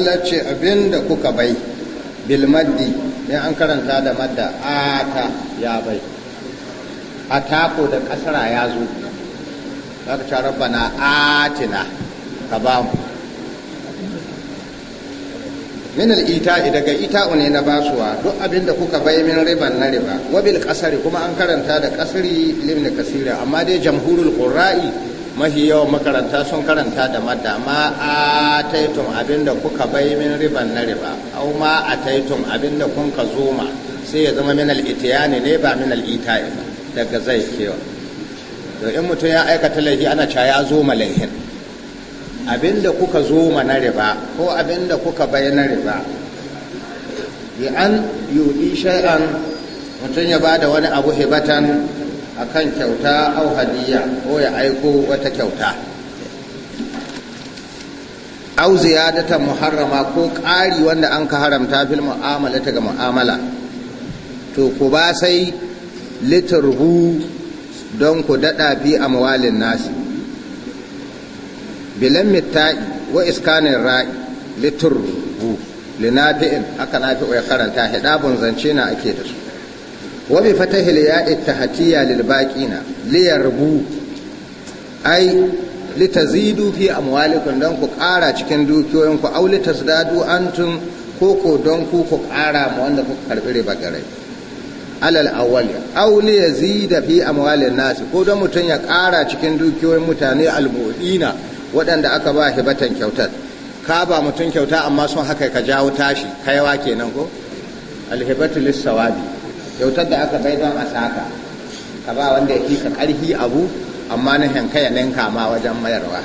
Allah ce abin da kuka bai bil ne an karanta da madda ata ya bai a tako da kasara ya zo za ka ce na atina ka ba mu min al'ita daga ita'u ne na basuwa duk abin da kuka bai min riban na riba wabil kasari kuma an karanta da kasari limni kasira amma dai jamhurul qurra'i mafi yawan makaranta sun karanta da madda ma a taitun abinda kuka bai min riban na riba au ma a taitun abinda kun ka zoma sai ya zama min al'itiyani ne ba min al'ita'i daga zai kewa to in mutum ya aikata laifi ana cewa ya zoma laifin abinda kuka zoma na riba ko abinda kuka bai na riba bi an yudi shay'an mutum ya bada wani abu hibatan akan kyauta au hadiya ko ya aiko wata kyauta au ziyadata muharrama ko ƙari wanda an ka haramta fil mu'amala ta ga mu'amala to ku ba sai liturhu don ku daɗa fi amwalin nasi bilan mitta'i wa iskanin ra'i liturhu linafi'in haka nafi'u ya karanta hidabun zance na ake da su wa bi ita hatiya tahtiya lil baqina li yarbu ai dufi a muwalikun don ku ƙara cikin Au dukiyoyinku aw litasdadu antum ko ko don ku ku ƙara ma wanda kuka karɓi riba gare alal au liya zi da fi a muwalin nasi ko don mutum ya ƙara cikin dukiyoyin mutane almu'ina waɗanda aka ba hibatan kyautar ka ba mutum kyauta amma sun haka ka jawo tashi kaiwa kenan ko alhibatu lissawabi kyautar da aka bai don a saka ka ba wanda ya ka ƙarfi abu amma na hankaya ninka ma wajen mayarwa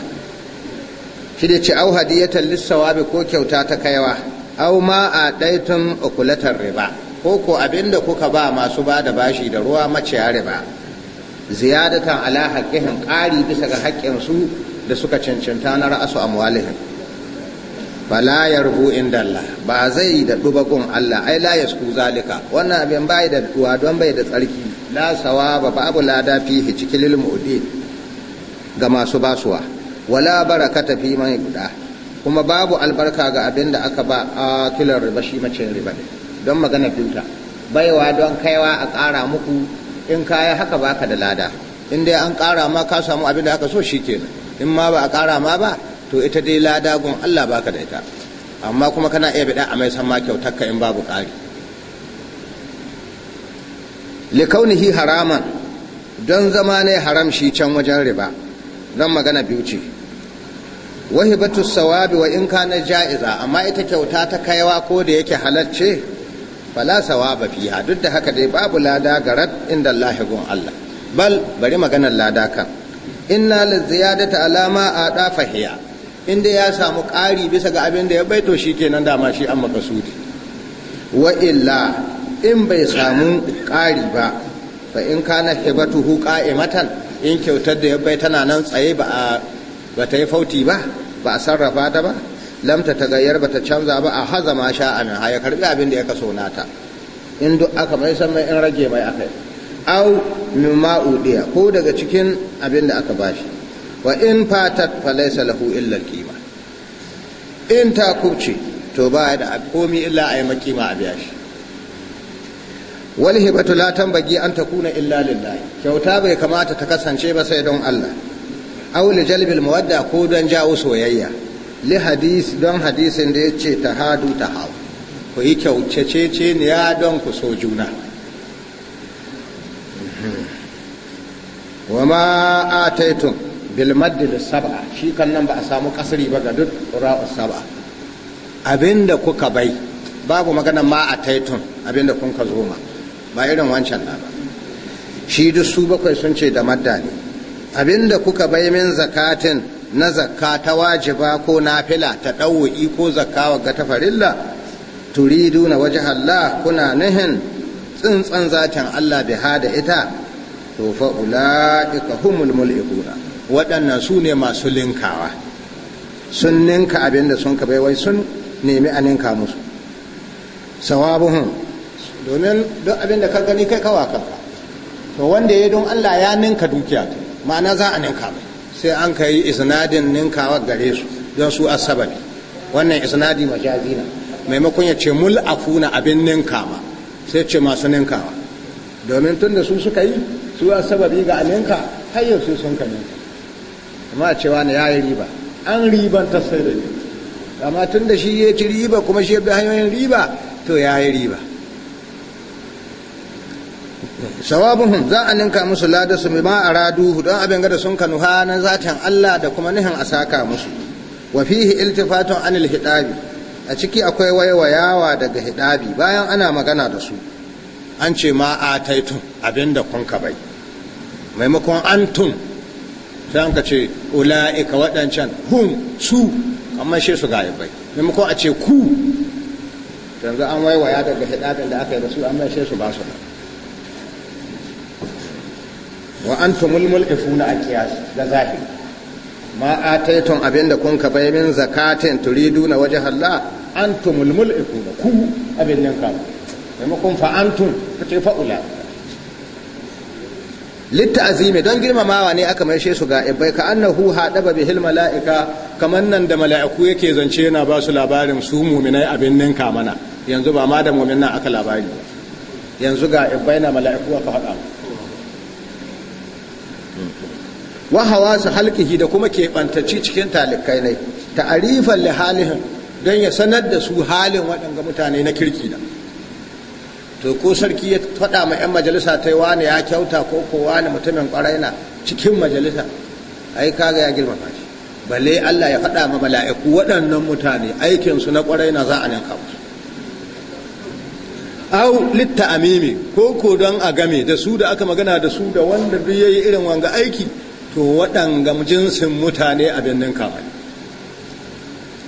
shi da ce au hadiyatan lissawabi ko kyauta ta kaiwa au ma a ɗaitun okulatar riba ko ko abin da kuka ba masu ba da bashi da ruwa maciya riba ziyadatan ala haƙƙihin ƙari bisa ga haƙƙinsu da suka cancanta na ra'asu amwalihin fala inda Allah ba zai yi da gun Allah ai la su zalika wannan abin bai da duwa don bai da tsarki la sawaba babu lada fihi cikin lil ga masu basuwa wala barakata fi man guda kuma babu albarka ga abin da aka ba a kilar riba shi macin riba don magana filta baiwa don kaiwa a ƙara muku in kaya haka baka da lada in dai an ƙara ma ka samu abin da aka so shi kenan. in ma ba a ƙara ma ba to ita dai lada gun Allah baka da ita amma kuma kana iya bida a mai san ma in babu ƙari likaunihi haraman don zama ne haram shi can wajen riba don magana biyu ce wahibatu sawabi wa in kana ja'iza amma ita kyauta ta kaiwa ko da yake halarce fala sawaba fiha duk da haka dai babu lada garat inda Allah gun Allah bal bari maganar lada kan inna liziyadata alama a dafahiya inda ya samu ƙari bisa ga abin da ya baito shi kenan dama shi an makasudi wa illa in bai samu ƙari ba fa in kana hibatuhu qa'imatan in kyautar da ya bai tana nan tsaye ba a ba ta yi fauti ba ba a sarrafa ta ba lamta ta gayyar ba ta canza ba a haza ma sha a min ya karbi abin da ya kaso nata in duk aka mai san mai in rage mai akai au mimma udiya ko daga cikin abin da aka bashi wa in fatat falaisa lahu illa kima in ta kubce to ba da komi illa a yi makima a biya shi wal hibatu la tambagi an takuna illa lillahi kyauta bai kamata ta kasance ba sai don Allah aw li jalbil mawadda ko don jawo soyayya li hadis don hadisin da yace tahadu tahaw ku yi ce-ce-ce ne ya don ku so juna wa ma ataitum bilmaddi saba shi kan nan ba a samu kasari ba ga duk ra'u saba abinda kuka bai babu magana ma a taitun abinda kun ka zo ma ba irin wancan na ba shi duk su bakwai sun ce da madda ne abinda kuka bai min zakatin na zakka ta wajiba ko nafila ta ɗauwa'i ko zakka ga ta farilla na waje Allah kuna nihin tsintsan zatin Allah biha da ita to fa ula'ika humul mul'ikuna waɗannan su ne masu linkawa sun ninka abin da sun ka wai sun nemi a ninka musu sawabuhun domin duk abin da ka gani kai kawa kanka to wanda ya don Allah ya ninka dukiya ta ma'ana za a ninka mai sai an ka yi isnadin ninkawa gare su don su asababi wannan isnadi majazina maimakon ya ce afuna abin ninkawa sai ce masu ninkawa domin tun da su suka yi su a sababi ga aninka har yau sai sun ninka. amma cewa ne ya yi riba an riban ta sai da ne amma tun da shi ya ci riba kuma shi ya bi hanyoyin riba to ya yi riba sawabuhum za a ninka musu lada su ma a raduhu don abin gada sun kanu na zatin Allah da kuma nihin a saka musu wa fihi iltifatun anil hidabi a ciki akwai waiwayawa daga hidabi bayan ana magana da su an ce ma a taitun abin da kun ka bai maimakon antun sai an ka ce ula'ika waɗancan hun su amma shi su bai maimakon a ce ku yanzu an waiwaya daga hidadin da aka yi da su amma shi su ba su wa an tumulmul ifu a kiyas da zahi ma a taiton abin da kun ka bai min zakatin turidu na waje halla an tumulmul ifuna ku abin nan kamu maimakon fa'antun ka ce fa'ula litta'azimi don girmamawa ne aka maishe su ga ibai ka annahu hadaba bihil mala'ika kaman nan da mala'iku yake zance yana ba su labarin su muminai abin ninka mana yanzu ba ma da mumin nan aka labari yanzu ga ibbai na mala'iku aka faɗa wa hawasu halkihi da kuma keɓantacci cikin talikai ne ta'arifan li halihin don ya sanar da su halin waɗanga mutane na kirki da to ko sarki ya faɗa ma 'yan majalisa ta yi wani ya kyauta ko ko wani mutumin ƙwarai na cikin majalisa ai kaga ya girmama fashi balle Allah ya faɗa ma mala'iku waɗannan mutane aikinsu na ƙwarai na za a ninka musu au litta amimi ko ko don a game da su da aka magana da su da wanda duk yi irin wanga aiki to waɗanga jinsin mutane a ninka mai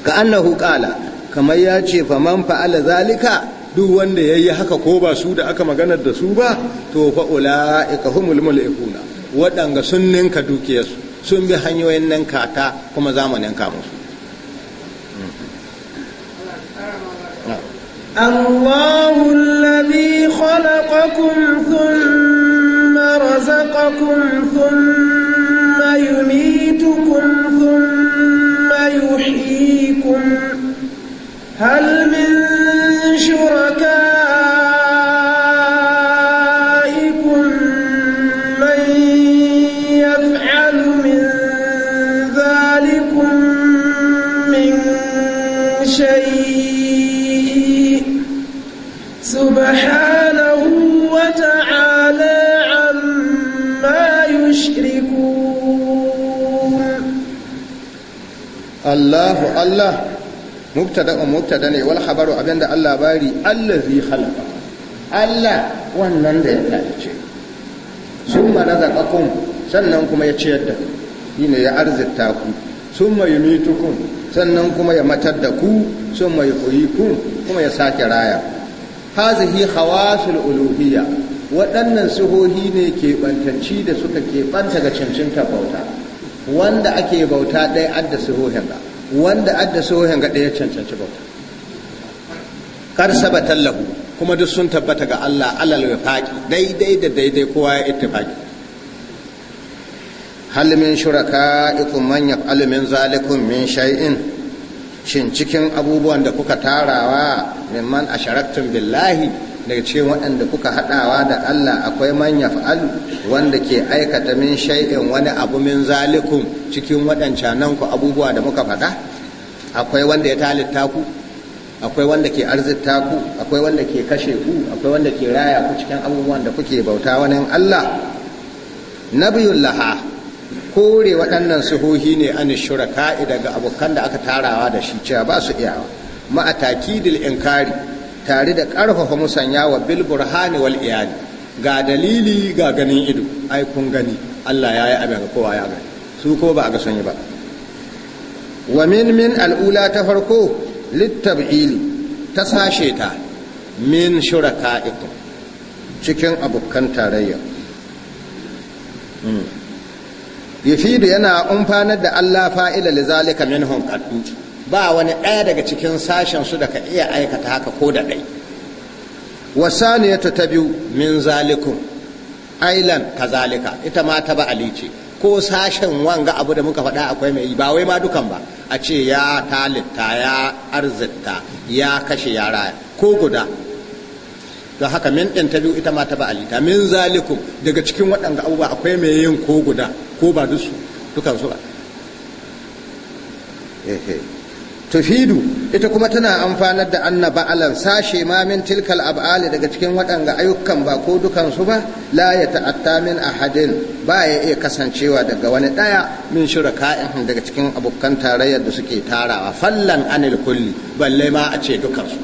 ka annahu ƙala kamar ya ce faman fa'ala zalika duk wanda ya yi haka ko ba su da aka magana da su ba to fa ulaika humul mulkuna waɗanga sun ninka dukiyarsu sun bi hanyoyin nan ta kuma zamanin kamun su الله الذي خلقكم ثم رزقكم ثم يميتكم ثم يحييكم هل من شركائكم من يفعل من ذلكم من شيء سبحانه وتعالى عما يشركون الله الله mubtada mubtada ne wal khabaru abinda Allah bari allazi khalaqa Allah wannan da ya dace summa razaqakum sannan kuma ya ciyar da ne ya arzikta ku summa yumitukum sannan kuma ya matar da ku summa yuhyikum kuma ya sake raya hazihi khawasul uluhiyya waɗannan suhohi ne bantacci da suka banta ga cancanta bauta wanda ake bauta ɗaya adda sihohin ba wanda adda yan ga cancanci bauta kar sabatan kuma duk sun tabbata ga Allah alal wafaqi daidai da daidai kowa ya ittifaqi hal min ikum man yaf'alu min zalikum min shay'in shin cikin abubuwan da kuka tarawa mimman asharaktum billahi daga cikin waɗanda kuka haɗawa da Allah akwai manya fa'alu wanda ke aikata min shaiin wani abu min zalikun cikin waɗancan nan ku abubuwa da muka faɗa akwai wanda ya talitta ku akwai wanda ke arzitta ku akwai wanda ke kashe ku akwai wanda ke raya ku cikin abubuwan da kuke bauta wani Allah biyun laha kore waɗannan suhohi ne an shuraka'i daga abokan da aka tarawa da shi cewa ba su iyawa ma'a takidil inkari tare da ƙarfafa musanya wa bilbur iyali ga dalili ga ganin ido ai gani Allah ya yi abin ga kowa ya gani su ko ba a ga sanyi ba wa min min al'ula ta farko littab'ili ta sashe ta min shuraka ikon cikin abokan tarayya hmm. yafi yana umfanar da Allah fa'ila li zalika minhum ba wani ɗaya daga cikin sashen su da ka iya aikata haka ko da ɗai wasaniyatu ta biyu min zalikun ailan zalika. ita ma ta ba'ali ce ko sashen wanga abu da muka faɗa akwai mai ba wai ma dukan ba a ce ya talitta ya arzitta ya kashe yara ko guda don haka min ɗin ta biyu ita ma ta ba'alita min zalikun. daga cikin waɗanda abubuwa akwai mai yin ko guda ko ba dusu dukansu ba eh, eh. tufidu ita kuma tana amfanar da anna ba'alan sashe ma min tilkal ab'ali daga cikin waɗanga ayyukan ba ko dukansu ba la ya ta'atta min ahadin ba ya iya kasancewa daga wani ɗaya min shuraka'in daga cikin abokan tarayyar da suke tarawa fallan anil kulli balle ma a ce dukansu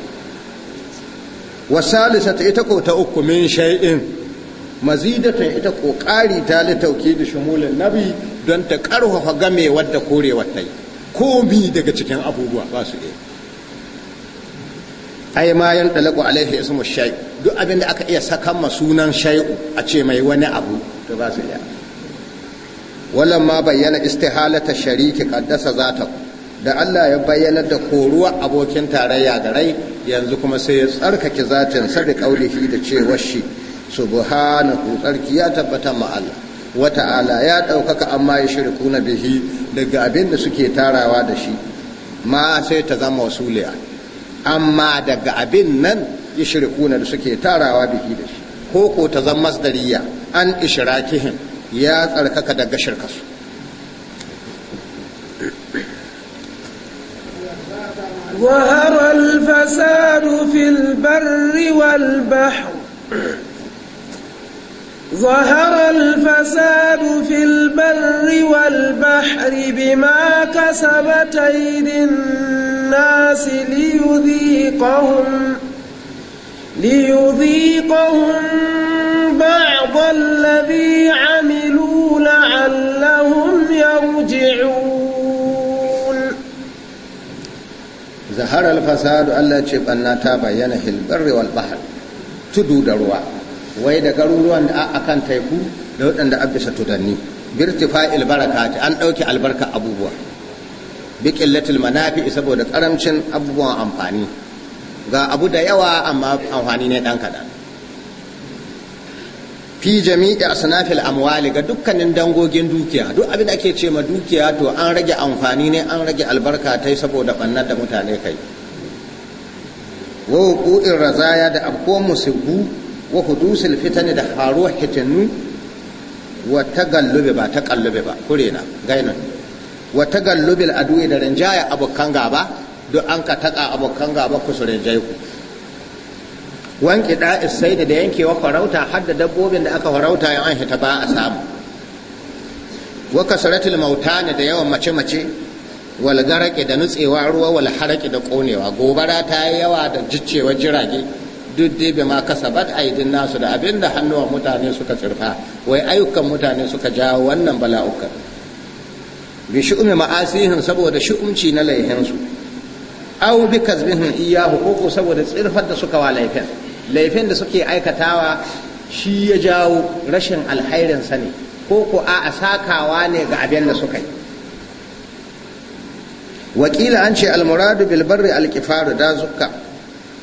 wasalisata ita ko ta uku min shay'in mazidatan ita ko ƙari ta litauki da shumulin nabi don ta ƙarfafa game da korewar ta komi daga cikin abubuwa ba su ɗaya. ai ma yan dalaku alaihi ismu shay'u duk abin da aka iya sakan ma sunan a ce mai wani abu to ba su ɗaya. Wannan ma bayyana istihalata shariki ta zata da Allah ya bayyana da koruwa abokin tarayya da rai yanzu kuma sai ya tsarkake zatin sarri kaulihi da cewa shi subhanahu tsarki ya tabbatar ma Allah wata'ala ala ya ɗaukaka amma ya shirku na bihi daga abin da suke tarawa da shi ma sai ta zama wasuliya amma daga abin nan ya shirku na da suke tarawa bihi da shi ko ko ta zama masdariya an ishirakihin ya tsarkaka daga shirkasu ظهر الفساد في البر والبحر ظهر الفساد في البر والبحر بما كسبت أيدي الناس ليذيقهم ليذيقهم بعض الذي عملوا لعلهم يرجعون ظهر الفساد الله تشبنا تابعين في البر والبحر تدود الرواح wai da garuruwan da a kan taiku da waɗanda a bisa tudanni baraka ta. an ɗauki albarka abubuwa bi latin manafi saboda ƙaramcin abubuwan amfani ga abu da yawa amma amfani ne ɗan kaɗan fi jami'i asnafil amwali ga dukkanin dangogin dukiya duk abin da ake ce ma dukiya to an rage amfani ne an rage albarka ta saboda bannar da mutane kai wa hukukin razaya da abko musibu wa hudusul fitani da faruwar hitinnu wa tagallube ba tagallube ba kurena gainon wa tagallubil adu'i da rinjaya abokan gaba duk an ka taka abokan gaba ku su ku wanki da sai da yankewa farauta har da dabbobin da aka farauta ya an hita ba a samu wa kasratul mautani da yawan mace-mace walgarake da nutsewa ruwa wal haraki da konewa gobara ta yi yawa da jiccewar jirage duk dai ma ma kasabat aidin nasu da abinda hannuwan mutane suka tsirfa wai ayyukan mutane suka jawo wannan bala'ukan bi shu'umi ma'asihin saboda shi'umci na laifinsu aw bi kazbihin iyahu hukuku saboda tsirfar da suka wa laifin laifin da suke aikatawa shi ya jawo rashin alhairin sa ne ko ko a sakawa ne ga abin da suka yi wakila an ce almuradu bil barri al da zukka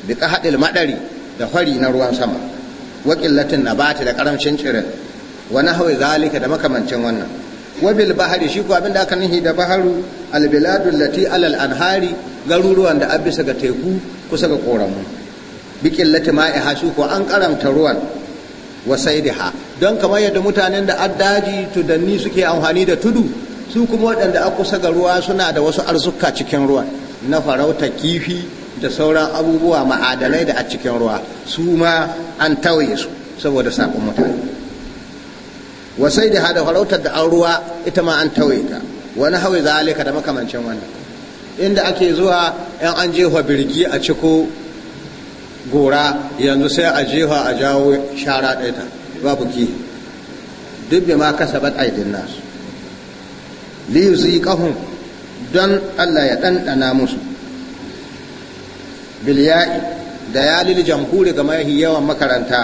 bi haɗil maɗari da fari na ruwan sama wa na bata da karamcin cirin wa nahwi zalika da makamancin wannan Wabil bahari shi ko da aka nihi da baharu al lati alal anhari garuruwan da abisa ga teku kusa ga koramu bi qillati ha shi ko an karamta ruwan wa saidiha don kamar yadda mutanen da addaji tudanni suke amfani da tudu su kuma waɗanda a kusa ga ruwa suna da wasu arzuka cikin ruwan na farauta kifi da sauran abubuwa ma'adanai da a cikin ruwa su ma an tawaye su saboda saƙon mutane wasai da hada farautar da an ruwa ita ma an tawaye ta wani hawi zalika da makamancin wannan inda ake zuwa yan an jefa birgi a ciko gora yanzu sai a jefa a jawo shara ɗaya ta babu ki duk bi ma kasa kasabat aidin nasu li yuziqahum don Allah ya ɗanɗana musu bilya'i da ya lili jamhuri ga mahi yawan makaranta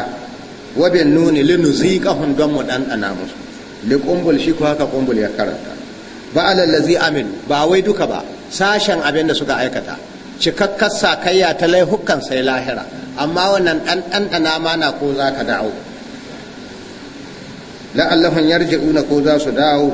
wa bin nuni linuziqahum don mu dan ana musu li qumbul shi ko haka kumbul ya karanta ba lallazi amin ba wai duka ba sashen abin da suka aikata cikakkar sakayya ta laihukan sai lahira amma wannan dan dan ma mana ko zaka dawo la'allahum yarji'una ko za su dawo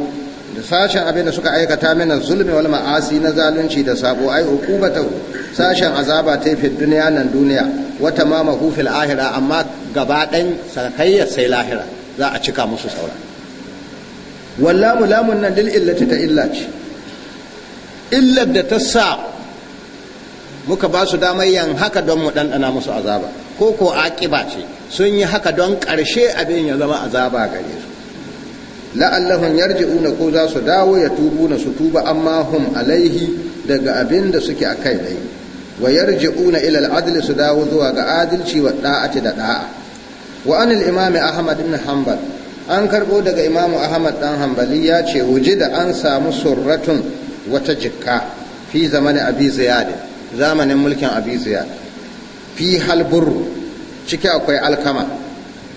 da sashen abin da suka aikata mana zulmi wal ma'asi na zalunci da sabo ai uqubatahu sashen azaba ta fi duniya nan duniya wata ma mahufil ahira amma gaba ɗan sakayyar sai lahira za a cika musu saura wallamu lamun nan lil illati ta illa ce illar da ta sa muka ba su damar yan haka don mu ɗanɗana musu azaba ko ko aƙiba ce sun yi haka don ƙarshe abin ya zama azaba gare su la'allahun yarji'una ko za su dawo ya tubu na su tuba amma hum alaihi daga abin da suke a kai dai wa yarji'una ila ilal su dawo zuwa ga adalci wa da'ati da da'a wa anil imami ahmad ibn hanbal an karbo daga imamu ahmad dan hanbali ya ce da an samu surratun wata jikka fi zamani abi ziyad zamanin mulkin abi ziyad fi halbur ciki akwai alkama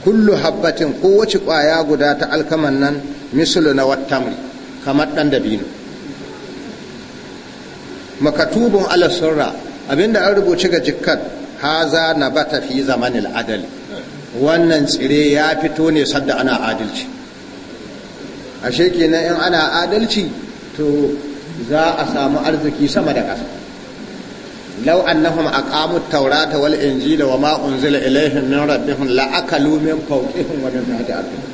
kullu habbatin ko kowace kwaya guda ta alkaman nan mislu na wattamri kamar dan dabino makatubun ala surra abinda an rubuci ga jikkat haza na bata fi zamanin adal wannan tsire ya fito ne sadda ana adalci ashe kenan in ana adalci to za a samu arziki sama da ƙasa lau annahum aqamu at-taurata wal injila wama unzila ilaihim min rabbihim la akalu min fawqihim wa min tahti arjulihim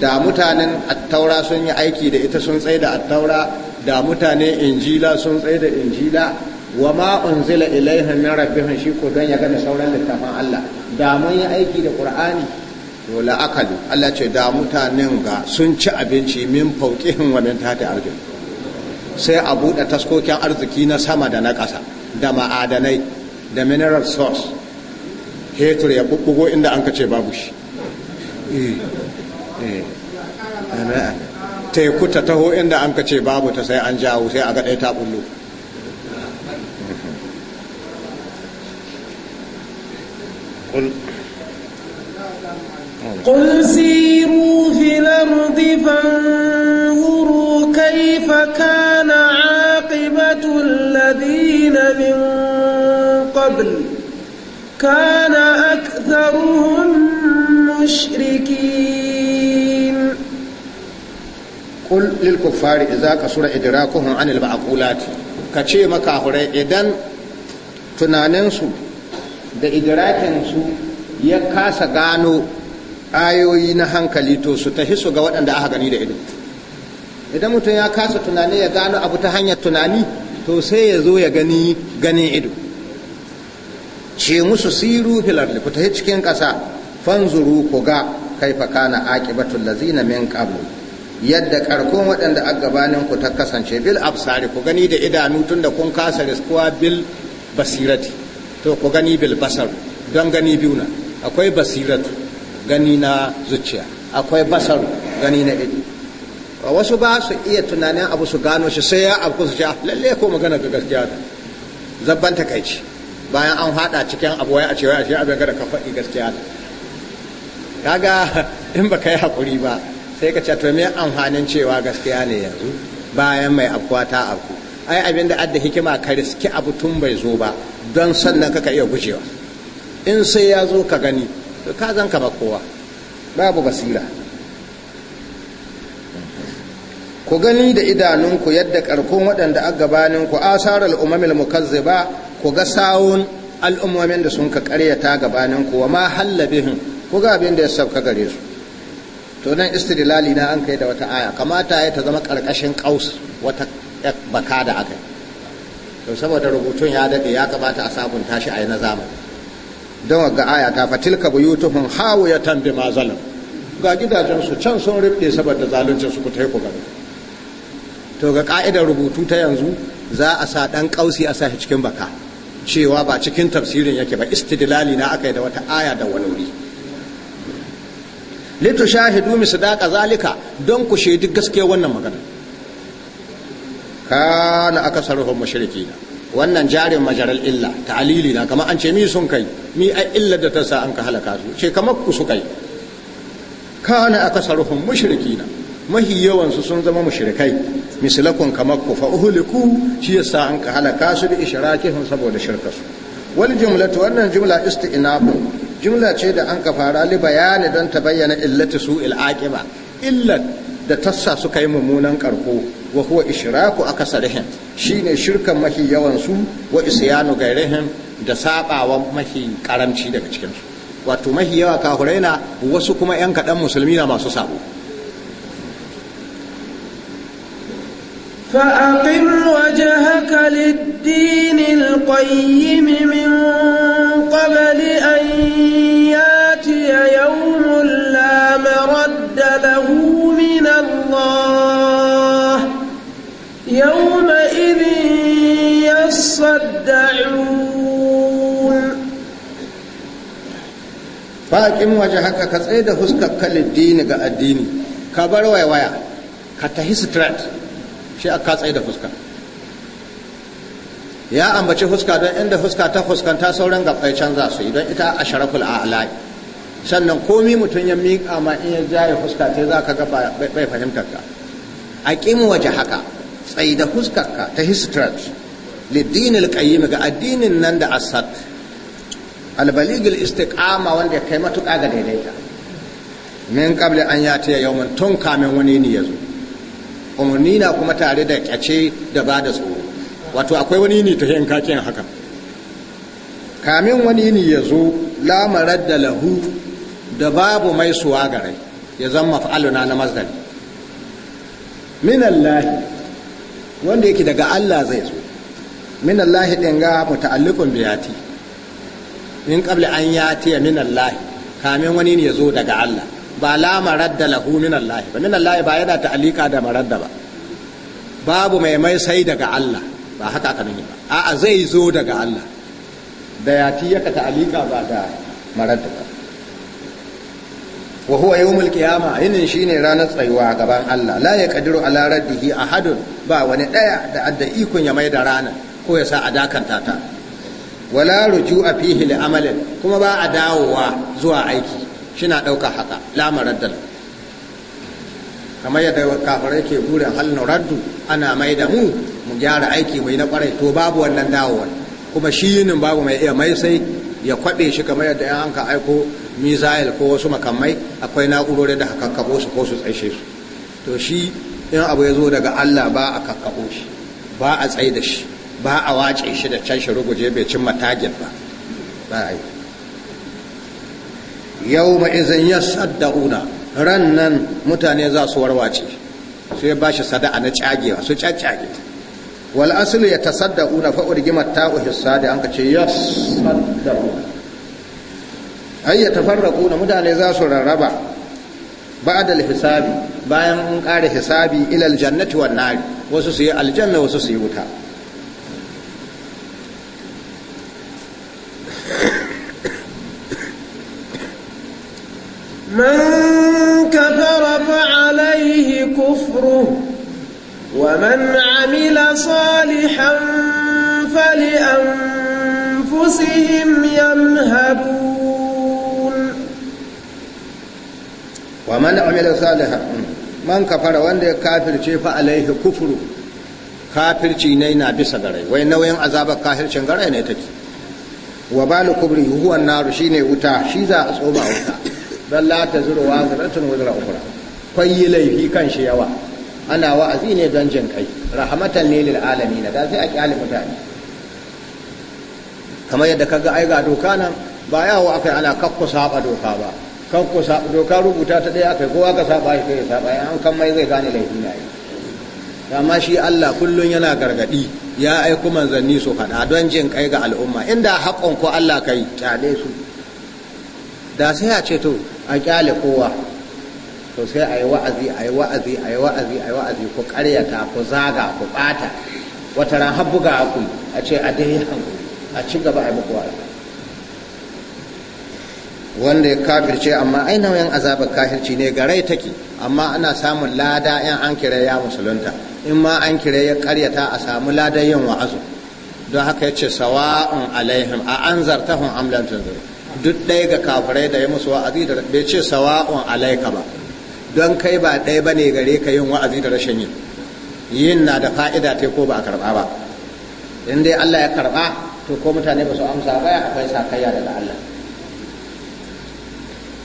da mutanen attaura sun yi aiki da ita sun tsaye da attaura da mutane injila sun tsaye da injila wa ma unzila ilaiha min rabbihim shi ko don ya gane sauran littafin Allah da mun yi aiki da Qur'ani to la akalu Allah ce da mutanen ga sun ci abinci min fauqihin wa min tahti arjun sai a buɗe taskokin arziki na sama da na ƙasa da ma'adanai da mineral source hetur ya bubbugo inda an ka ce babu shi eh, eh. teku ta taho inda an ka ce babu ta sai an jawo sai a ga ɗaya ta bullo قل قل سيروا في الأرض فانظروا كيف كان عاقبة الذين من قبل كان أكثرهم مشركين قل للكفار إذا كسر إدراكهم عن المعقولات كشيء مكاهرين إذن tunaninsu da idrakinsu ya kasa gano ayoyi na hankali to su tafi su ga waɗanda aka gani da ido idan mutum ya kasa tunani ya gano abu ta hanyar tunani to sai ya zo ya gani ganin ido ce musu siru filar ku tafi cikin ƙasa fanzuru ku ga kaifa kana aqibatul lazina min qablu yadda karkon waɗanda a gabanin ku ta kasance bil absari ku gani da idanu tun da kun kasa riskuwa bil basirati to ku gani bil basar don gani biyu na akwai basiratu gani na zuciya akwai basar gani na ido wasu ba su iya tunanin abu su gano shi sai ya abu su ce ah, lalle ko magana ga gaskiya da zabban takaici bayan an hada cikin abu wai a cewa a ce abin gada ka faɗi gaskiya da kaga in ba ka yi haƙuri ba sai ka ce to me amfanin cewa gaskiya ne yanzu bayan mai abuwa ta abu. ai abin da adda hikima ka riski abu tun bai zo ba don sannan kaka iya gujewa in sai ya zo ka gani ka zan ka ba kowa babu basira ku gani da idanunku yadda karkon waɗanda a gabaninku asar al'ummamil ba ku ga sawun al'ummamin da sun ka karyata gabaninku wa ma hallabihin ku ga abin da ya sauka gare su to nan istidlali na an kai da wata aya kamata ya ta zama karkashin kaus wata baka da aka to saboda rubutun ya dade ya kamata a sabunta shi a yi na zamani don ga aya ta fatilka buyutuhum ya tambi zalam ga gidajensu can sun rufe saboda zaluncin su ku ku to ga ka'idar rubutu ta yanzu za a sa dan kausi a sa cikin baka cewa ba cikin tafsirin yake ba istidlali na aka yi da wata aya da wani wuri litu shahidu misdaqa zalika don ku shaidi gaskiya wannan magana kana akasaruhum mushrikina wannan jarin majaral illa ta'lili na kamar an ce mi sun kai mi ai illa da ta sa an ka halaka su ce kamar ku su kai kana akasaruhum mushrikina mahi yawan su sun zama mushrikai mislakun kamar ku fa uhliku shi yasa an ka halaka su bi ishrakihim saboda su wal jumlatu wannan jumla isti'nab jumla ce da an ka fara li bayani don ta bayyana illati su'il aqiba illat da tassa suka yi mummunan karko wa huwa ishraku akasarihim shine shirkan mafi yawan su wa isyanu gairihim da sabawa mafi karamci daga cikin su wato mafi yawa kafirai wasu kuma yan kadan musulmi na masu sabo فأقم وجهك للدين القيم من قبل faƙin waje haka ka tsaye da fuskar kalin ga addini ka bar waiwaya ka tahi straight shi a ka tsaye da fuska ya ambaci fuska don inda fuska ta fuskanta sauran gabbai za su yi don ita a sharaful a'lai sannan komi mutum ya miƙa ma in ya jaye fuska ta za ka ga bai fahimtar ka a ƙin waje haka tsaye da fuskar ka ta histrat lidinil qayyim ga addinin nan da asad albaligil istiqama wanda ya kai matuƙa ga daidaita min qabli an ya ta yawman tun kamin wani ne zo umarni na kuma tare da kyace da ba da tsoro wato akwai wani ne ta yin kakin haka kamin wani ne zo la maradda lahu da babu mai suwa gare ya zama fa'aluna na masdari min Allah wanda yake daga Allah zai zo min Allah din ga muta'allifun biyati min qabli an yatiya min Allah kamin wani ne ya zo daga Allah ba la maradda lahu min Allah ba min Allah ba yana ta'alika da maradda ba babu mai mai sai daga Allah ba haka aka nuni ba a'a zai zo daga Allah da yati yaka ta'alika ba da maradda ba wa huwa yawmul qiyama inin shine ranar tsayuwa gaban Allah la ya kadiru ala raddihi ahadun ba wani daya da adda ikon ya mai da rana ko ya sa a dakanta ta wala a fihi li amalin kuma ba a dawowa zuwa aiki shina ɗauka haka la maraddal kamar yadda kafirai ke burin hal raddu ana mai da mu mu gyara aiki mai na kwarai to babu wannan dawowa kuma shi yinin babu mai iya mai sai ya kwaɗe shi kamar yadda yan anka aiko misail ko wasu makamai akwai na'urorin da kakkabo su ko su tsaishe su to shi in abu ya zo daga Allah ba a kakkabo shi ba a tsaye da shi ba a wace shi da can shi ruguje bai cimma matagin ba ba a yi yau ma ya sadda'una ran nan mutane za su warwace su ya ba shi sada'a na cagewa su cacage wal asali ya ta sadda'una fa'ur gima ta'uhi sada da an ka ce ya sadda'una ai ya tafarraku na mutane za su rarraba ba'adal hisabi bayan an ƙara hisabi ilal jannati wa nari wasu su yi aljanna wasu su yi wuta من كفر فعليه كفره ومن عمل صالحا فلأنفسهم يمهدون ومن عمل صالحا man kafara wanda ya kafirce fa alaihi kufuru kafirci ne na bisa garai wai nauyin azabar kafircin garai ne take wa balu kubri huwa naru shine wuta shi za a tsoma wuta dan la tazuru waziratun wuzura ukura kwayi laifi kan shi yawa ana wa'azi ne don jin kai rahmatan ne lil na da sai a kyale mutane kamar yadda ga ai ga doka nan ba yawo akai ana kakku saba doka ba kakku saba doka rubuta ta daya akai kowa ka saba shi kai saba an kan mai zai gane laifi na yi amma shi Allah kullun yana gargadi ya aiku manzanni su faɗa don jin kai ga al'umma inda haƙon ko Allah kai tale su da sai a ce to a kyale kowa to sai a yi wa'azi a yi wa'azi a yi wa'azi a yi wa'azi ku karyata ku zaga ku bata wata ran har buga ku a ce a dai a ci gaba a yi muku wa'azi wanda ya kafirce amma ai nauyin azabar kafirci ne ga rai take amma ana samun lada 'yan an kira ya musulunta in ma an kira ya karyata a samu ladan yin wa'azu don haka ya ce sawa'un alaihim a an zartahun amlan tunzuru duk ɗaya ga kafirai da ya musu wa'azi da bai ce sawa'un alaika ba don kai ba ɗaya ba ne gare ka yin wa'azi da rashin yi. yin na da fa'ida ta ko ba a karɓa ba in dai Allah ya karɓa to ko mutane ba su amsa ba akwai sakayya daga Allah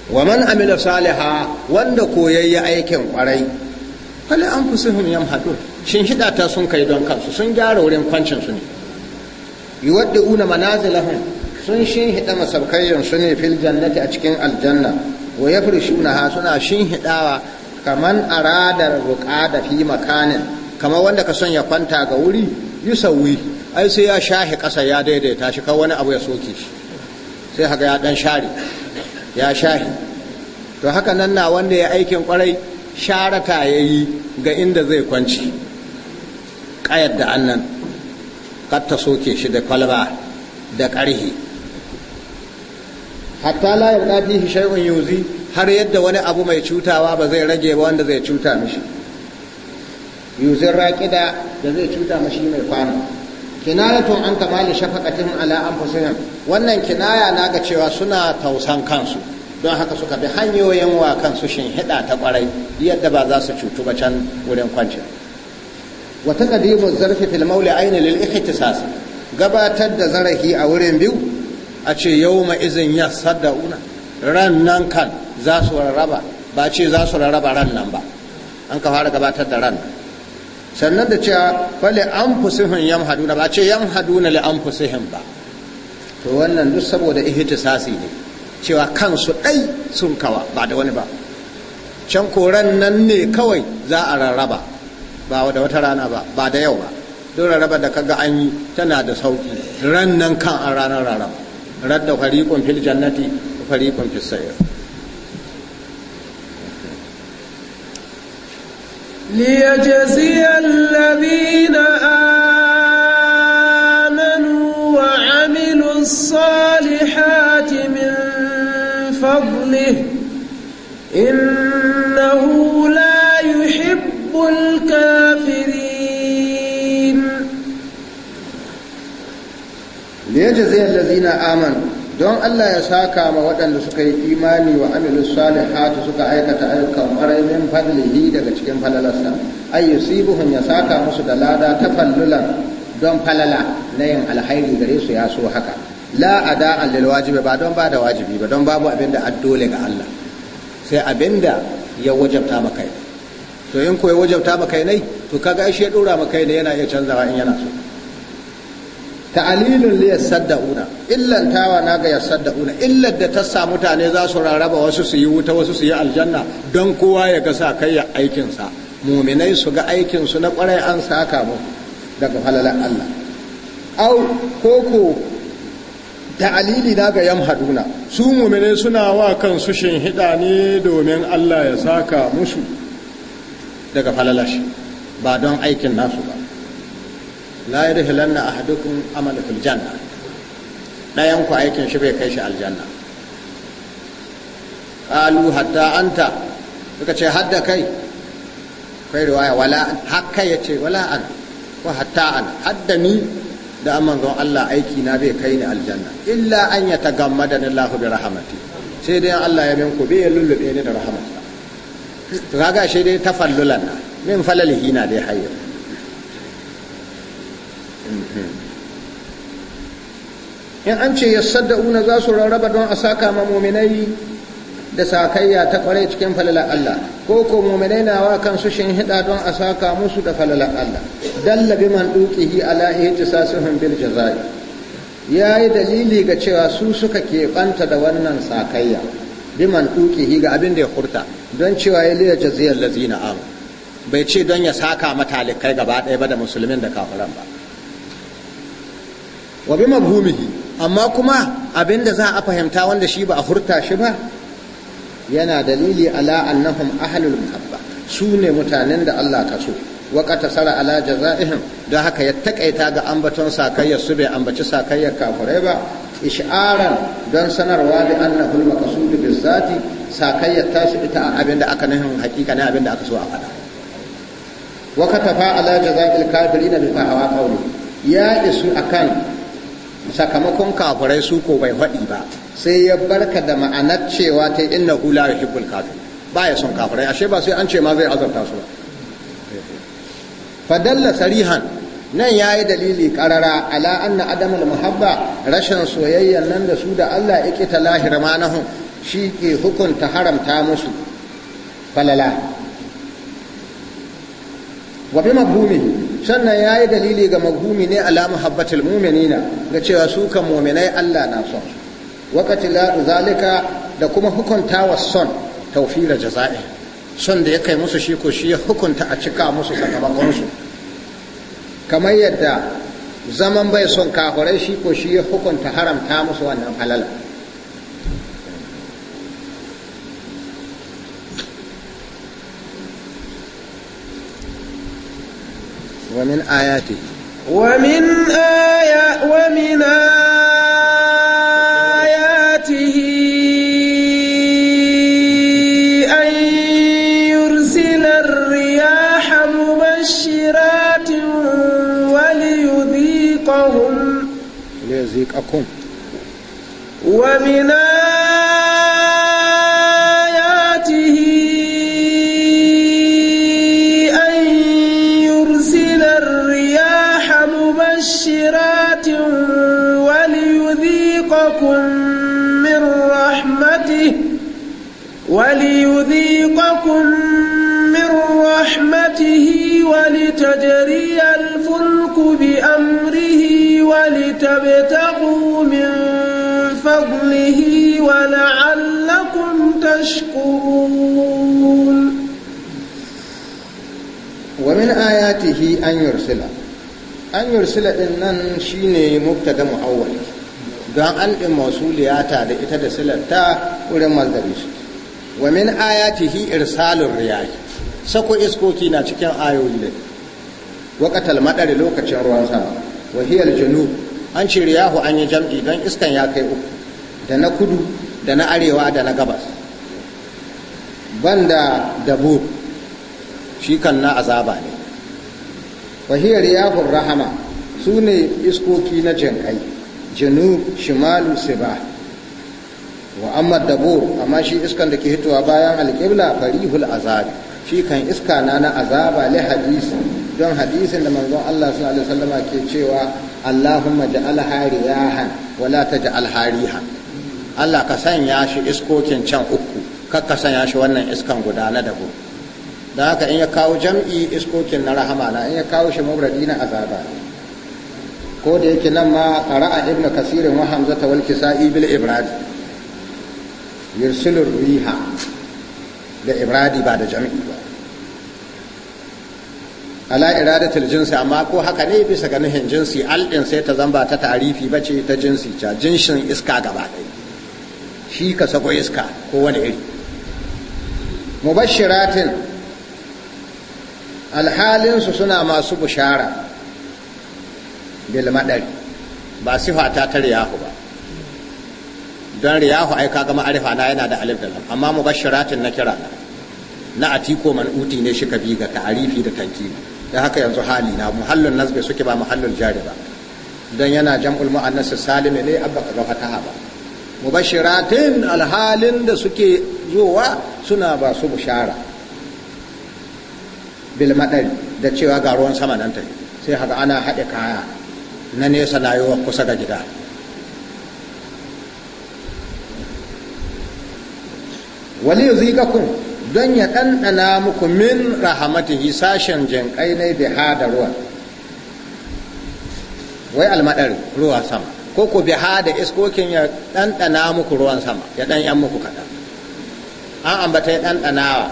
wa man amila saliha wanda koyayya aikin kwarai fali 'yan haɗu shin hidata sun kai don kansu sun gyara wurin kwancin su ne una manazilahun sun shinhiɗa masaukayen su ne fil jannati a cikin aljanna wa ya ha suna shinhiɗawa kaman aradar ruƙa da fi makanin kamar wanda ka son ya kwanta ga wuri yi sauwi ai sai ya shahi ƙasa ya daidaita shi kawai wani abu ya soke shi sai haka ya ɗan share ya shahi to haka nan na wanda ya aikin kwarai sharata ya yi ga inda zai kwanci ƙayar da annan katta soke shi da kwalba da ƙarhi hatta la yabqa fihi shay'un yuzi har yadda wani abu mai cutawa ba zai rage ba wanda zai cuta mishi yuzin raƙida da zai cuta mashi mai kwana kinayatun an kamali shafaqatihim ala anfusihim wannan kinaya na ga cewa suna tausan kansu don haka suka bi hanyoyin wa kansu shin hida ta kwarai yadda ba za su cutu ba can wurin kwanci wa taqdimu zarfi fil mawli ayni lil ihtisas gabatar da zarafi a wurin biyu a ce yau ma izin ya una ran nan kan za su rarraba ba ce za su rarraba ran nan ba an ka fara gabatar da ran sannan da cewa fali an fusihin yam haduna ba ce yam haduna li an fusihin ba to wannan duk saboda sasi ne cewa kansu ɗai sun kawa ba da wani ba can koran nan ne kawai za a rarraba ba da wata rana ba ba da yau ba don rarraba da kaga an yi tana da sauki ran nan kan an ranar rarraba رد فريق في الجنة وفريق في السير ليجزي الذين آمنوا وعملوا الصالحات من فضله zai allazina aman don Allah ya saka ma waɗanda suka yi imani wa amilus salihatu suka aikata ayyukan ƙwarai min fadlihi daga cikin falalarsa ay buhun ya saka musu da lada ta fallulan don falala na yin alhairi gare su ya so haka la da lil wajibi ba don ba da wajibi ba don babu abin da addole ga Allah sai abin da ya wajabta maka to in ko wajabta maka ne to kaga ai shi ya dora maka ne yana iya canzawa in yana so ta'alilun li yasaddauna illan tawa na ga yasaddauna illar da ta sa mutane za su raraba wasu su yi wuta wasu su yi aljanna don kowa ya ga sa kai aikinsa, muminai su ga aikinsu na kwarai an saka mu daga falalan Allah au koko ta'alili na ga Haduna, su muminai suna wa kansu shin hida ne domin Allah ya saka musu daga shi, ba don aikin nasu ba la yadkhulanna a amalu fil janna dayan ku aikin shi bai kai shi aljanna ƙalu hatta anta suka ce hadda kai kai riwaya wala ya ce wala an ko hatta an hadda ni da manzon Allah aiki na bai kai ni aljanna illa an ni lahu bi rahamati sai dai Allah ya min ku bai lullube ni da rahamati to kaga shi dai tafallulan min falalihi na dai hayyar Hmm. in an ce yassadda'una za su rarraba don a saka ma muminai da sakayya ta kware cikin falalar Allah ko ko muminai na wa kansu shin hida don a saka musu da falalar Allah dalla bi man dukihi ala ihtisasihim bil jazai yayi dalili ga cewa su suka keɓanta da wannan sakayya bi man ga abin da ya furta don cewa ya liya jaziyal lazina am bai ce don ya saka matalikai gaba ɗaya ba da musulmin da kafiran ba wa bi amma kuma abinda za a fahimta wanda shi ba a furta shi ba yana dalili ala annahum ahlul muhabba su ne mutanen da Allah ka so wa qatasara ala jazaihim don haka ya takaita ga ambaton sakayyar su bai ambaci sakayyar kafirai ba ish'aran don sanarwa da annahul maqsud bizati sakayyar su ita abinda aka nahin hakika ne abinda aka so a faɗa wa katafa ala jazaa'il kafirin bi fahawa qawli ya isu akan sakamakon kafirai su ko bai faɗi ba sai ya barka da ma'anar cewa ta inna hula ya hibbul kafir ba ya son kafirai ashe ba sai an ce ma zai azabta su ba fadalla sarihan nan ya yi dalili karara ala anna adamul muhabba rashin soyayyan nan da su da Allah ya ƙi ta lahir manahun shi ke hukunta haramta musu falala wa bi maghumi sannan yayi dalili ga maghumi ne ala muhabbatil mu'minina ga cewa su kan mu'minai Allah na son wakati la zalika da kuma hukunta wa son tawfira jaza'i son da ya kai musu shi ko shi ya hukunta a cika musu sakamakon su kamar yadda zaman bai son kafirai shi ko shi ya hukunta haramta musu wannan halala ومن آياته ومن آية ومن آياته أن يرسل الرياح مبشرات وليذيقهم وليذيقكم ومن آياته وليذيقكم من رحمته ولتجري الفلك بأمره ولتبتغوا من فضله ولعلكم تشكرون ومن آياته أن يرسل أن يرسل إنن شيني مبتدأ معول دعاء الموصول يا ta da ولم da wa min ayatihi irsalur riyah sako iskoki na cikin ayoyi ne waqatal madari lokacin ruwan sama wa hiya junub an ci riyahu an yi jam'i dan iskan ya kai uku da na kudu da na arewa da na gabas banda dabu shi kan na azaba ne wa hiya riyahur rahama su ne iskoki na jinkai junub shimalu sibah wa amma dabur amma shi iskan da ke hitowa bayan alƙibla farihul azabi shi kan iska na na azaba li hadisi don hadisin da manzon Allah sallallahu alaihi wasallam ke cewa Allahumma ja'al hariyahan wa la taj'al hariha Allah ka sanya shi iskokin can uku ka ka sanya shi wannan iskan guda na dabo don haka in ya kawo jam'i iskokin na rahama na in ya kawo shi mabradi na azaba ko da yake nan ma qara'a ibnu kasirin wa hamzata wal kisa'i bil ibrad yursilur riha da ibradi ba da jami'i ba ala iradatul jinsi amma ko haka ne bisa ga nuhin jinsi aldin sai ta zamba ta tarifi bace ta jinsi ta jinshin iska gaba ɗaya shi ka sako iska ko wani iri mubashiratin alhalinsu suna masu bushara bil madari ba sifa ta ba don riyahu ai kaga ma'arifa na yana da alif da lam amma mubashiratin na kira na na atiko uti ne shi bi ga ta'arifi da tankini da haka yanzu hali na muhallun nasbi suke ba muhallun jari ba dan yana jam'ul muannas salim ne abba ka ga fataha ba mubashiratin alhalin da suke zuwa suna ba su bushara bil madari da cewa ga ruwan sama nan ta sai haka ana haɗe kaya na nesa na yi wa kusa ga gida wali kun? don ya ɗanɗana muku min rahamatihi sashen jinƙai ne ha hada ruwa wai almadar ruwan sama ko ku bi hada iskokin ya ɗanɗana muku ruwan sama ya ɗan yan muku kaɗan an ambata ya ɗanɗanawa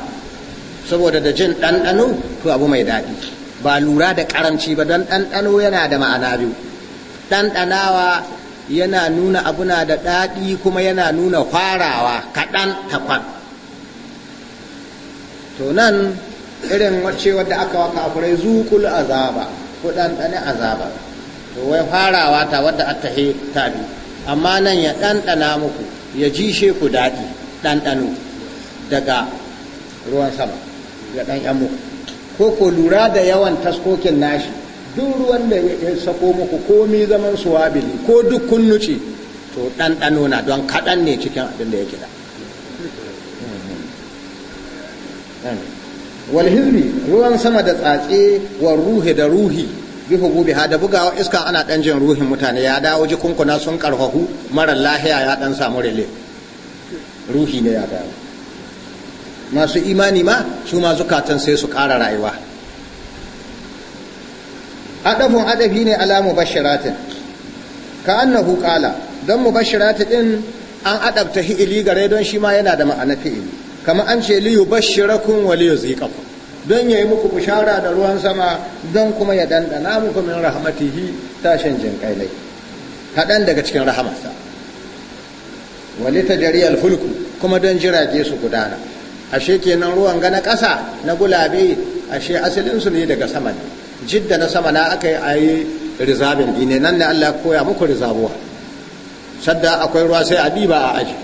saboda da jin ɗanɗano to abu mai daɗi ba lura da ƙaranci ba don ɗanɗano yana da ma'ana biyu ɗanɗanawa yana nuna abu na da daɗi kuma yana nuna farawa kaɗan takwan to nan irin wacce wadda aka waka kafirai zuƙul azaba ko ɗanɗane azaba to wai farawa ta wadda aka he tabi amma nan ya ɗanɗana muku ya jishe ku daɗi ɗanɗano daga ruwan sama ya ɗan yan ko ko lura da yawan taskokin nashi duk ruwan da ya sako muku komi zaman suwabili ko duk kunnuci to ɗanɗano na don kaɗan ne cikin abin da yake da walhizmi ruwan sama da tsatse wa ruhi da ruhi bi hugubi ha da bugawa iska ana dan jin ruhin mutane ya dawo jikunkuna sun karfahu marar lahiya ya dan samu rele ruhi ne ya dawo masu imani ma su ma zukatan sai su kara rayuwa adabun adafi ne ala mubashiratin ka annahu qala dan mubashirati din an adabta hi'ili gare don shi ma yana da ma'ana fi'ili Kama an ce liyu bashirakun wa liyu kafa don ya yi muku bishara da ruwan sama don kuma ya dandana muku min rahmatihi tashin jin kailai kaɗan daga cikin rahamarsa wali ta jariyar hulku kuma don jirage su gudana ashe kenan ruwan gana ƙasa na gulabe ashe asalinsu ne daga sama ne jidda na sama na aka yi a yi rizabin dine nan ne allah koya muku rizabuwa sadda akwai ruwa sai a ɗiba a aji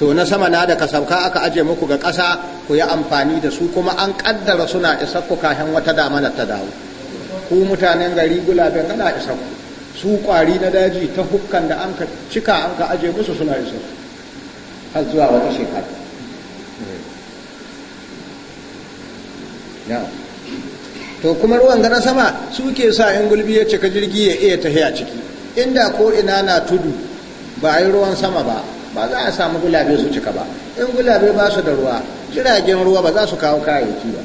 to na sama na da kasauka aka aje muku ga ƙasa ku yi amfani da su kuma an ƙaddara suna isar ku kayan wata damana ta dawo ku mutanen gari gulaben ana isar ku su ƙwari na daji ta hukkan da an ka cika an ka aje musu suna isar ku har zuwa wata shekara to kuma ruwan gana sama suke sa in gulbi ya cika jirgi ya iya tahiya ciki inda ko ina na tudu ba a yi ruwan sama ba ba za a samu gulabe su cika ba in gulabe ba su da ruwa jiragen ruwa ba za su kawo kayayyaki ba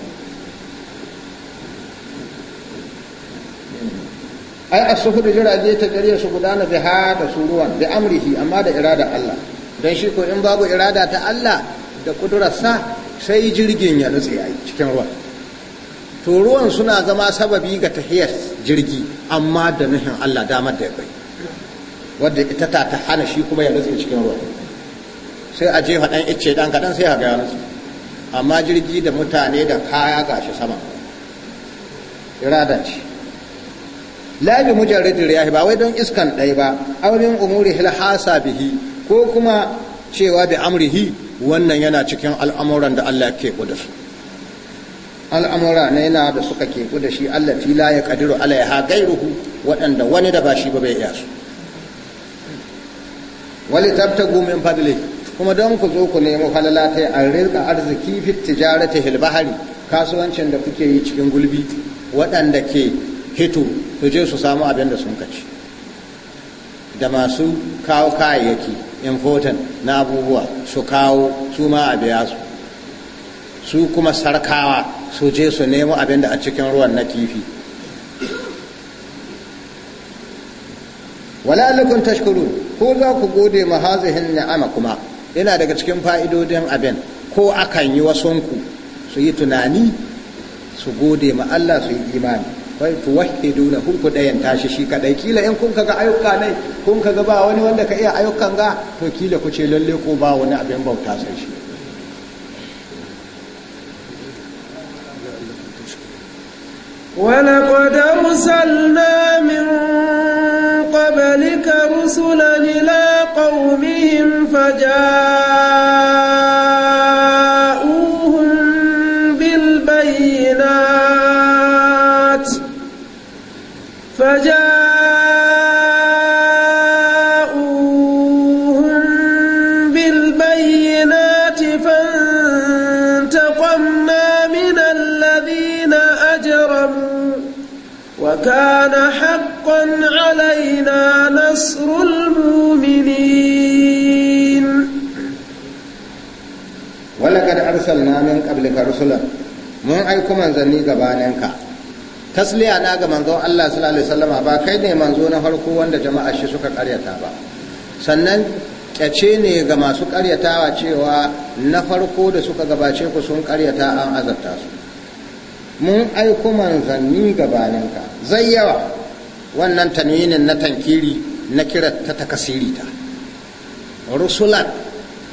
ai a hudu jirage ta gare su gudana bi da su ruwan bi amrihi amma da irada Allah don shi ko in babu irada ta Allah da kudurarsa sai jirgin ya nutse a cikin ruwan to ruwan suna zama sababi ga tahiyar jirgi amma da nuhin Allah damar da ya bai wadda ita ta ta hana shi kuma ya nutse cikin ruwa sai a jefa ɗan ice ɗan kaɗan sai a ga ya nutse amma jirgi da mutane da kaya gashi sama irada labi mujarrid riyahi ba wai don iskan ɗaya ba aurin umuri hilhasa bihi ko kuma cewa bi amrihi wannan yana cikin al'amuran da Allah ke kudu su al'amura na yana da suka ke kudu shi Allah la ya kadiru alaiha gairuhu waɗanda wani da ba shi ba bai iya su wali tabtagu min fadli kuma don ku zo ku nemo falalata a rinka arziki fit tijarati hilbahari, kasuwancin da kuke yi cikin gulbi waɗanda ke hito su je su samu abin da sun kaci da masu kawo kayayyaki important na abubuwa su kawo su ma a biya su su kuma sarkawa su je su nemo abin da a cikin ruwan na kifi wala lakum tashkurun ko za ku gode ma hazihin ni'ama kuma yana daga cikin fa'idodin abin ko akan yi wasunku su yi tunani su gode ma Allah su yi imani wai wahke wahiduna kun ku dayan tashi shi kadai kila in kun kaga ayyuka ne kun kaga ba wani wanda ka iya ayyukan ga to kila ku ce lalle ko ba wani abin bauta sai shi ولقد أرسلنا من الرسل إلى قومهم فجاءوا arsalna min qablika rusulan mun aiko manzanni gabaninka tasliya na ga manzon Allah sallallahu alaihi wasallam ba kai ne manzo na farko wanda jama'a shi suka karyata ba sannan kyace ne ga masu karyatawa cewa na farko da suka gabace ku sun karyata an azabta su mun aiko manzanni gabaninka zai yawa wannan tanwinin na tankiri na kira ta takasiri ta rusulan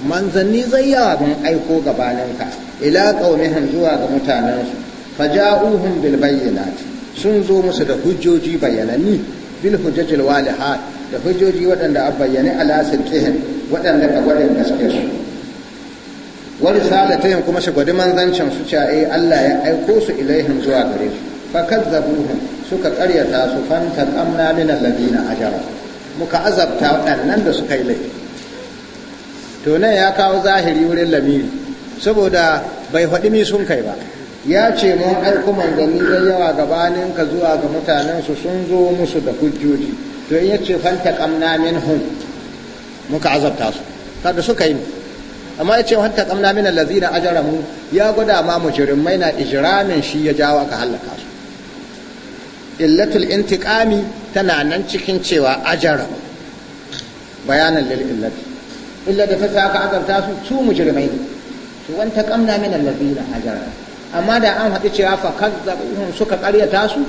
manzanni zai yawa mun aiko gabaninka ila qaumihim zuwa ga mutanensu faja'uhum bil bayyinat sun zo musu da hujjoji bayanani bil hujjajil walihat da hujjoji waɗanda an bayyane ala sirqihin waɗanda ka gwada gaske su wani risalatayn kuma shi gwada manzancin su cewa eh Allah ya aiko su ilaihim zuwa gare su fa kazzabuhum suka karyata su fanta amna min alladina ajara muka azabta waɗannan da suka yi laifi to nan ya kawo zahiri wurin lamiri saboda bai faɗi mi sun kai ba ya ce mun aiko manzanni da yawa gabanin ka zuwa ga mutanen su sun zo musu da hujjoji to in yace fanta qamna minhum muka azabta su kada suka yi amma yace fanta qamna min allazina ajramu ya gwada ma mujrimai na ijramin shi ya jawo aka halaka su illatul intiqami tana nan cikin cewa ajara bayanan lil illati illa da ta aka azarta su su mujrimai ne to wan kamna min alladhina hajara amma da an haɗu cewa fa kazzabuhum suka qaryata su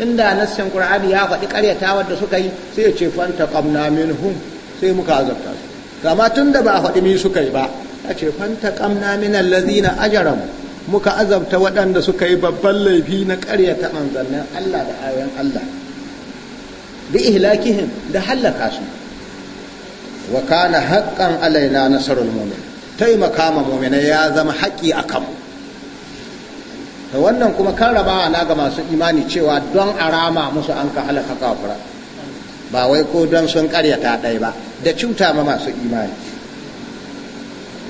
inda nassin qur'ani ya faɗi qaryata wadda suka yi sai ya ce fan kamna minhum sai muka azarta su kama tun da ba a faɗi mi suka yi ba a ce fan kamna min alladhina ajram muka azabta waɗanda suka yi babban laifi na ƙaryata manzannin Allah da ayoyin Allah bi ihlakihim da halaka su wa kana haƙƙan alaina nasarar mu'min taimaka ma mu'minai ya zama haƙƙi a kanmu da wannan kuma karramawa na ga masu imani cewa don arama musu an ka halaka kafura ba wai ko don sun karyata ɗaya ba da cuta ma masu imani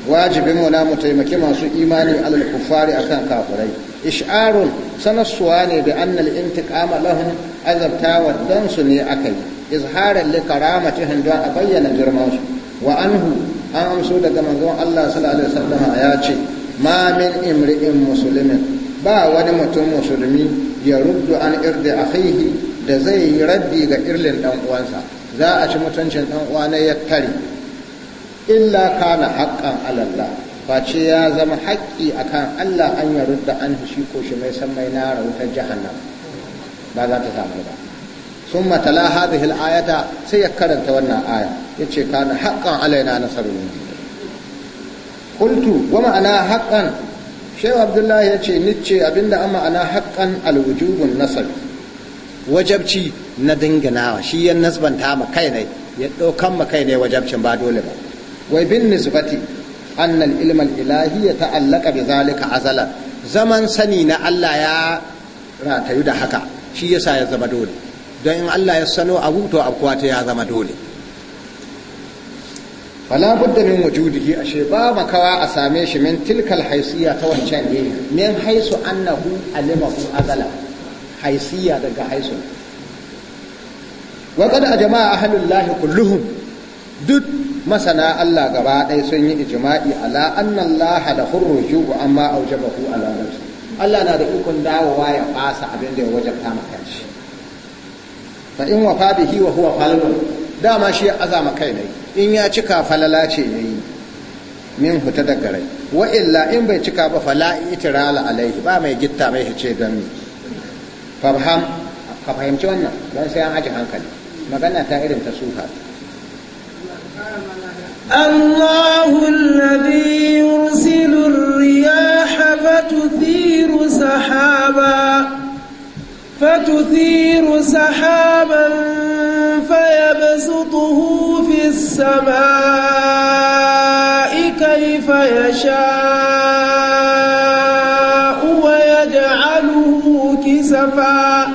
wajibin mu na mu taimaki masu imani alal kufari akan kafurai. ish'arun sanassuwa ne da annal intiqama lahum azabtawa dan su ne akai izhara li karamatihim don a bayyana girman su wa anhu an amso daga manzon Allah sallallahu alaihi wasallam ya ce ma min imri'in muslimin ba wani mutum musulmi ya ruddu an irdi akhihi da zai yi raddi ga irlin dan uwansa za a ci mutuncin dan uwa ne ya tare illa kana haqqan alallah face ya zama haƙƙi akan Allah an ya an shi ko shi mai san mai na rahoton jahannam ba za ta samu ba sun matala hadhihi ayata sai ya karanta wannan aya yace kana haƙƙan alaina na mu'minin kultu wa ma'ana haƙƙan shehu abdullahi ya ce nice abinda an ma'ana haƙƙan alwujubun nasar wajabci na dinginawa shi ya nasbanta ma kai ne ya ɗaukan ma kai ne wajabcin ba dole ba wai bin nisbati annal ilmal ilahi ya ta'allaka bi zalika azalan zaman sani na Allah ya ratayu da haka shi yasa ya zama dole don in Allah ya sano abu to afkuwa ta ya zama dole fala budda min wujudihi ashe ba makawa a same shi min tilkal haisiya ta wancan ne min haisu annahu alimahu azala haisiya daga haisu wa qad ajma'a lahi kulluhum duk masana Allah gaba ɗaya sun yi ijma'i ala anna Allah da hurruju amma aujabahu ala nafsi Allah na da ikon dawowa ya fasa abin da ya wajabta maka shi fa in wafa bihi wa huwa falalun dama shi ya azama kai ne in ya cika falala ce yayi min huta da garai wa illa in bai cika ba fala itirala alaihi ba mai gitta mai hice don faham ka fahimci wannan don sai an aji hankali magana ta irin ta suka الله الذي يرسل الرياح فتثير سحابا فتثير سحابا فيبسطه في السماء كيف يشاء ويجعله كسفا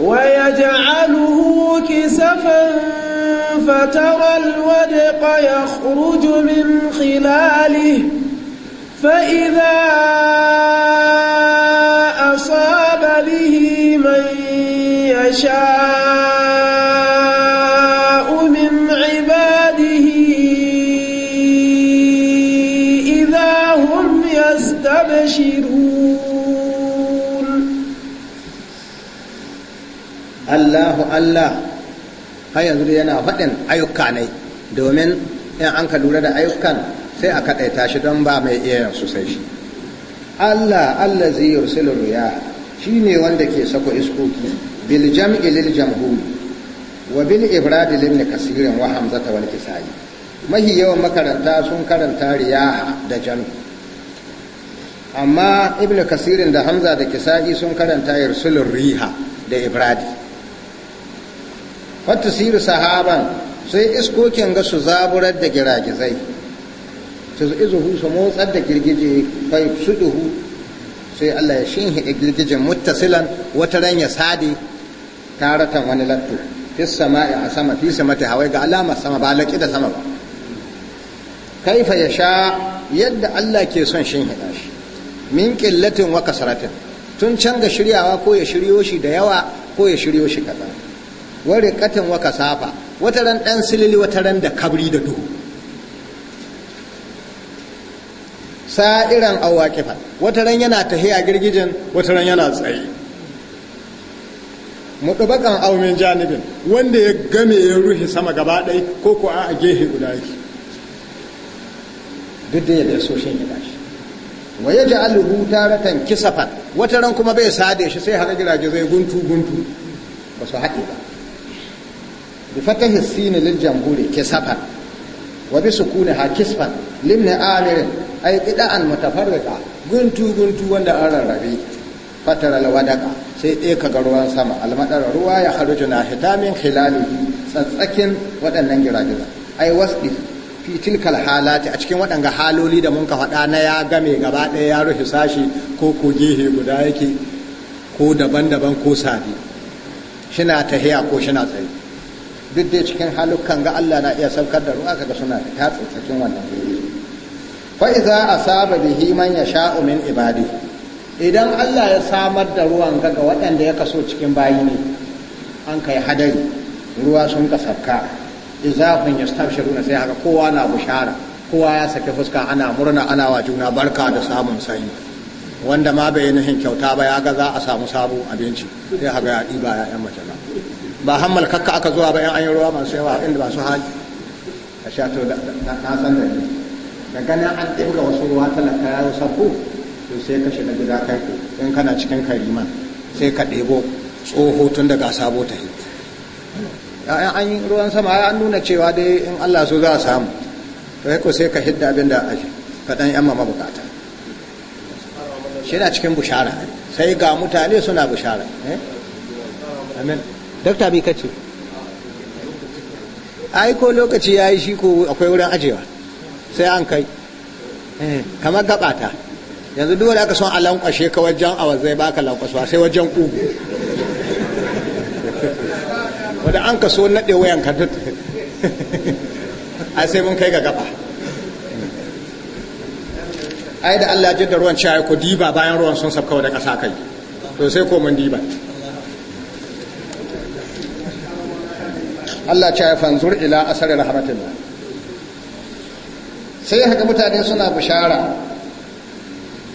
ويجعله كسفا فترى الودق يخرج من خلاله فإذا أصاب به من يشاء من عباده إذا هم يستبشرون الله الله har yanzu yana faɗin ayyuka ne domin in an ka lura da ayyukan sai a kaɗaita shi don ba mai iya yin sosai shi Allah Allah zai yursilin ruya Shi ne wanda ke sako iskoki bil jam'i lil jamhuri wa bil ibrad lil kasirin wa hamzata wal kisai mahi yawan makaranta sun karanta riyaha da jam amma ibnu kasirin da hamza da kisai sun karanta irsulur riha da ibradi fa tasir sahaban sai iskokin ga su zaburar da giragizai su izuhu su motsar da girgije fa su sai Allah ya shinhi girgijin muttasilan wata ran ya sadi taratan wani lattu fissa sama'i a sama fi mata hawai ga alama sama ba laki da sama ba kaifa ya sha yadda Allah ke son shinhi shi min qillatin wa kasratin tun can ga shiryawa ko ya shiryo shi da yawa ko ya shiryo shi kaɗan Wa riqatin wa kasafa wata ran ɗan silili wata ran da kabri da duhu sa'iran awaqifa wata ran yana tahiya girgijin wata ran yana tsaye mutubakan aumin janibin wanda ya game ya ruhi sama gaba ɗai ko ko a gehe guda yake duk da yadda so shin gida shi wa ya ja'aluhu taratan kisafan wata ran kuma bai sade shi sai haka jiragen zai guntu guntu ba su haɗe ba bi fatahi sin lil jamhuri kisafan wa bi sukuni ha kisfan limni amirin ai bid'an mutafarriqa guntu guntu wanda an rarrabe fataral wadaka sai ɗaya ka ga ruwan sama almadar ruwa ya haruju na hitamin khilali tsatsakin waɗannan giragiza ai wasdi fi tilkal halati a cikin waɗanga haloli da mun ka faɗa na ya game gaba ɗaya ya rufe sashi ko ko gehe guda yake ko daban-daban ko sadi shina tahiya ko shina tsaye duk da cikin halukan ga Allah na iya saukar da ruwa kaga suna ta tsatsakin wannan gari fa'iza a saba bihi man ya sha'u min ibadi idan Allah ya samar da ruwan gaga waɗanda ya kaso cikin bayi ne an kai hadari ruwa sun kasafka izafin ya stabshiruna sai haka kowa na bushara kowa ya saki fuska ana murna ana wa juna barka da samun sanyi wanda ma bai nihin kyauta ba ya ga za a samu sabo abinci sai haka ya ɗiba ya yan mace ba hammal kakka aka zuwa ba yan an yi ruwa masu yawa inda masu hali a sha to na san da ni da ganin an ɗibga wasu ruwa talaka ya sabu to sai ka shiga gida kai in kana cikin karima sai ka ɗebo tsoho tun daga sabo ta hit ya'yan an yi ruwan sama ya nuna cewa dai in allah so za a samu to ko sai ka hidda abin da ake ka ɗan yamma mabukata shi na cikin bushara sai ga mutane suna bushara eh? amin dakta bi ce. ai ko lokaci ya yi shi ko akwai wurin ajewa sai an kai eh, kamar gabata yanzu duk da aka son a lankwashe ka wajen a wazai ba ka lankwaswa sai wajen kugu wadda an ka so naɗe wayan ka duk a sai mun kai ga gaba ai da Allah jidda ruwan ciyayi ko diba bayan ruwan sun sabka da ƙasa kai to sai ko mun diba Allah yi fanzur ila asarar rahmatillah sai haka mutane suna bishara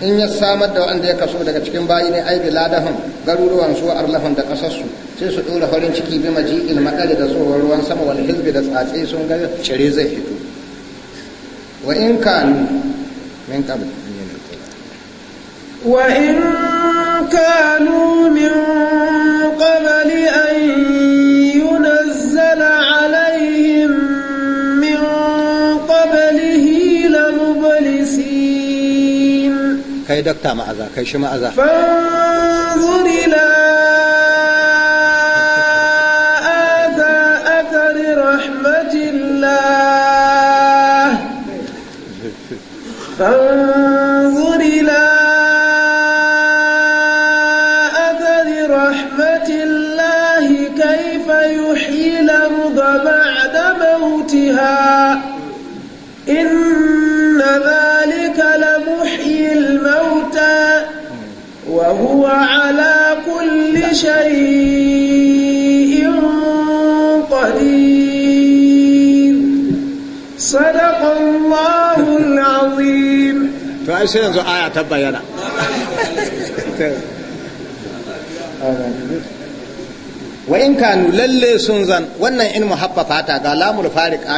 in ya samar da wanda ya kaso daga cikin bayi ne aibi ladahun garuruwan su arlahun da kasar sai su dora farin ciki bi maji'il madali da tsohon ruwan sama wani hilbi da tsatse sun ga cire zai fito wa in kanu min wa in kanu min kai dakta ma'aza kai shi ma'aza fanzuri على كل شيء قدير صدق الله العظيم فأشياء ينزو آية تبينا wa in kanu lalle sun zan wannan in muhaffafata ta ga lamul a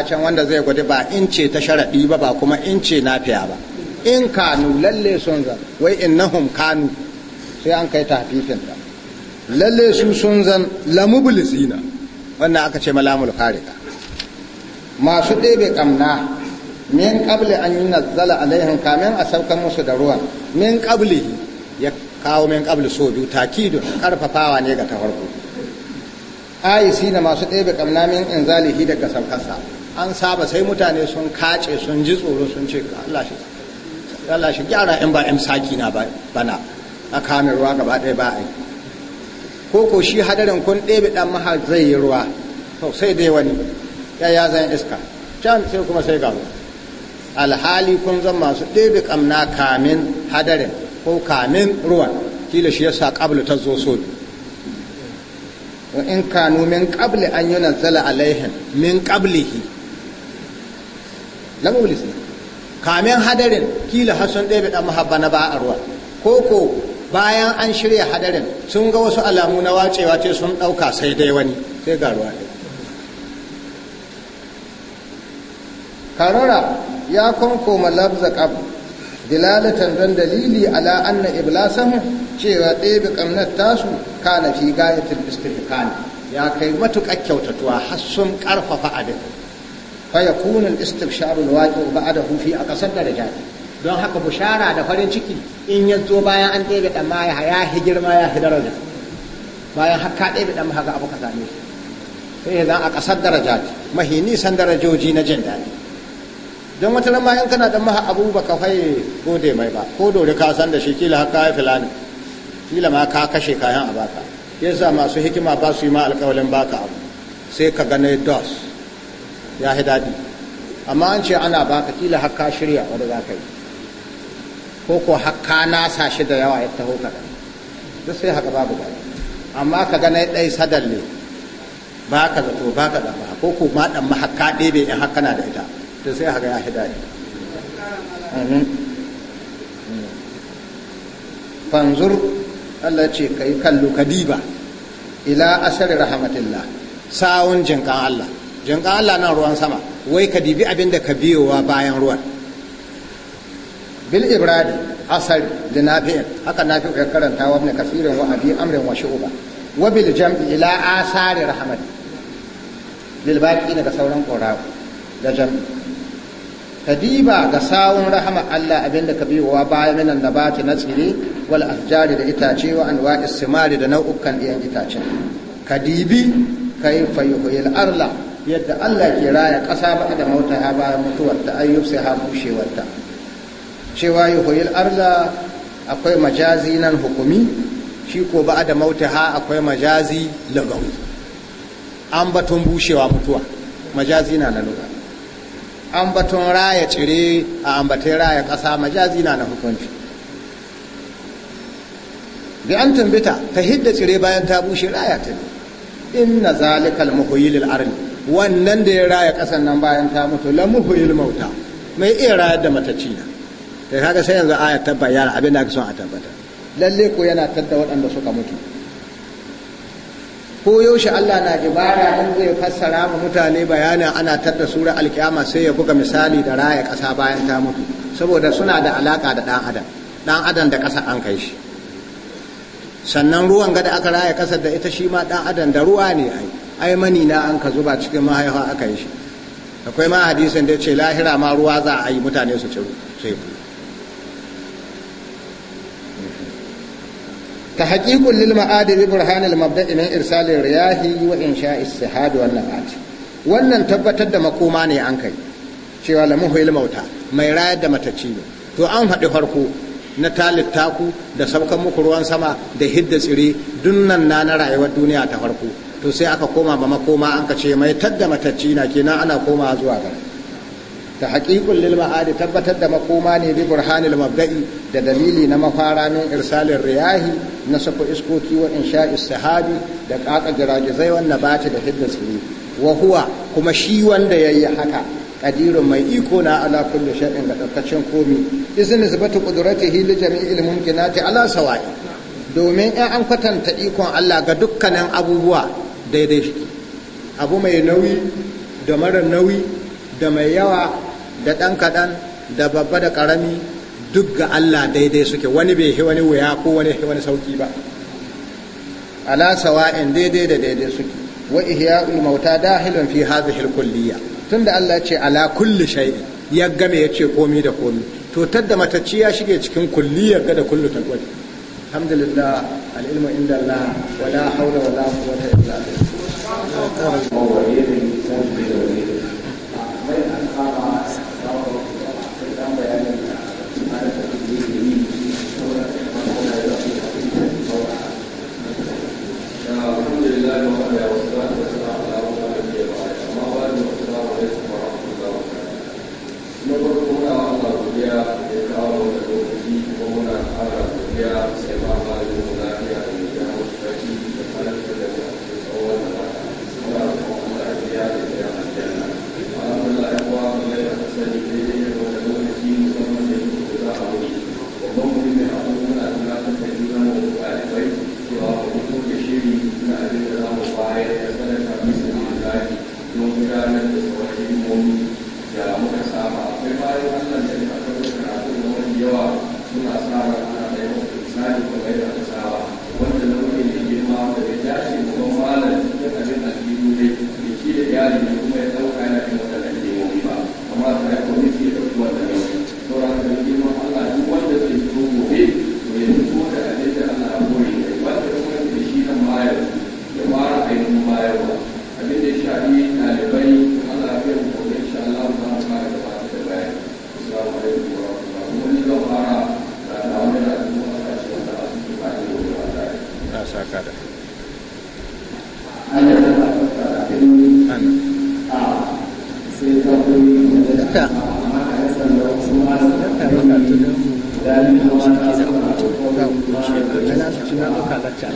can wanda zai gudu ba in ce ta sharaɗi ba kuma in ce nafiya ba in kanu lalle sun zan wai innahum kanu sai an kai hafifin ta lalle su sun zan zina wannan aka ce malamul farika masu ɗebe kamna min ƙabli an yunazzala alaihim kamin a saukan musu da ruwan min ƙabli ya kawo min ƙabli so biyu takidun karfafawa ne ga ta farko ayisi na masu ɗebe ƙamna min zalihi daga saukarsa an saba sai mutane sun kace sun ji tsoro sun ce Allah shi gyara in ba in saki na bana a kame ruwa gaba ɗaya ba a yi ko ko shi hadarin kun ɗebe ɗan maha zai yi ruwa to sai dai wani ya ya zan iska can sai kuma sai gaba alhali kun zan masu ɗebe ƙamna kamin hadarin ko kamin ruwan kila shi yasa ƙablu ta zo so wa in kanu min ƙabli an yi nazala alaihin min ƙablihi lamu kamin hadarin kila hasun ɗebe ɗan maha bana ba a ruwa ko ko bayan an shirya hadarin sun ga wasu alamu na wacewa ce sun dauka sai dai wani sai ga ruwa karara ya kwankoma labza kab dilalatan don dalili ala anna iblasamu cewa ɗebe ƙamnar tasu kana fi gayatul istihkani ya kai matuƙar kyautatuwa har sun ƙarfafa abin fa yakunu al-istibsharu al-waqi'u ba'dahu fi da darajati don haka bushara da farin ciki in ya zo bayan an ɗebe ɗan ma ya fi girma ya fi daraja bayan haka ɗebe ɗan haka abu ka same shi sai zan a ƙasar daraja mahi nisan darajoji na jin daɗi don wata rama in kana ɗan maha abu ba ka faye gode mai ba ko dore ka san da shi kila haka ya filani kila ma ka kashe kayan a baka sa masu hikima ba su yi ma alƙawalin baka abu sai ka gane dos ya fi daɗi amma an ce ana baka kila haka shirya wanda za ka yi ko ko hakka sa shi da yawa ya taho kaɗan duk sai haka babu ba amma ka gana ɗai sadalle ba ka zato ba ka ɗan ko ko ma dan mahakka dai bai in hakka na da ita duk sai haka ya hida Amin. fanzur Allah ce ka yi kadiba ka ila asari rahmatillah sawun jinkan Allah jinkan Allah nan ruwan sama wai ka dibi abin da ka biyowa bayan ruwan bil ibradi asari li nafi'in haka nafi ya karanta wa ibn kasir wa abi amr wa shu'ba wa bil jam'i ila asari rahmat lil baqi daga sauran qura da jam'i kadiba ga sawun rahama Allah abinda ka biyowa baya minan nabati na tsire wal ahjari da itace wa anwa'is simari da nau'ukan iyan itace kadibi kai fayuhil arla yadda Allah ke raya ƙasa ba da mauta ha bayan mutuwarta ayyub sai ha bushewarta cewa yi hoyi arda akwai majazi nan hukumi shi ko ba da ha akwai majazi lagawi an batun bushewa mutuwa majazi na na lura an batun raya cire a ambatai raya ƙasa majazi na na hukunci bi an tambita ta hidda cire bayan ta bushe raya ta na zalikal muhyil ardi wannan da ya raya ƙasan nan bayan ta mutu la muhyil mauta mai iya rayar da matacina da eh, kaga sai yanzu aya ta bayyana abin da aka son a tabbata lalle ko yana tadda waɗanda suka mutu ko yaushe Allah na ibara in zai fassara mu mutane bayanin ana tadda sura alkiyama sai ya buga misali da raya ƙasa bayan ta mutu saboda suna da alaka da ɗan adam ɗan adam da ƙasa an kai shi sannan ruwan gada aka raya ƙasar da ita shi ma ɗan adam da ruwa ne ai ai mani na an ka zuba cikin mahaifa aka yi shi akwai ma hadisin da ce lahira ma ruwa za a yi mutane su ci teku تحقيق للمعاد ببرهان المبدا من ارسال الرياح وانشاء السحاب والنبات wannan tabbatar da makoma ne an kai cewa lamun hoyi mauta mai rayar da matacci ne to an haɗi farko na taku da saukan muku ruwan sama da hidda tsire dunnan na na rayuwar duniya ta farko to sai aka koma ba makoma an ka ce mai tadda matacci na kenan ana koma zuwa gare ta haƙiƙun lil ma'adi tabbatar da makoma ne bi burhanil mabda'i da dalili na mafara min irsalin riyahi na sako iskoki wa insha'is sahabi da ƙaƙa zai wannan bata da hidda tsini wa huwa kuma shi wanda yayi haka ƙadirin mai iko na ala kulli shay'in ga dakkacin komi izin nisbatu qudratihi li jami'il mumkinati ala sawa'i domin in an kwatanta ikon Allah ga dukkanin abubuwa daidai shi abu mai nauyi da mara nauyi da mai yawa da ɗan kaɗan da babba da ƙarami duk ga Allah daidai suke wani bai wani wuya ko wani wani sauki ba ala sawa'in daidai da daidai suke wa ihya'ul mauta dahilun fi hadhihi al-kulliyya tunda Allah ce ala kulli shay'in ya game ya ce komi da komi to tadda matacci ya shige cikin kulliyar ga da kullu taqwa alhamdulillah al-ilmu inda Allah wala hawla wala quwwata illa billah halatta da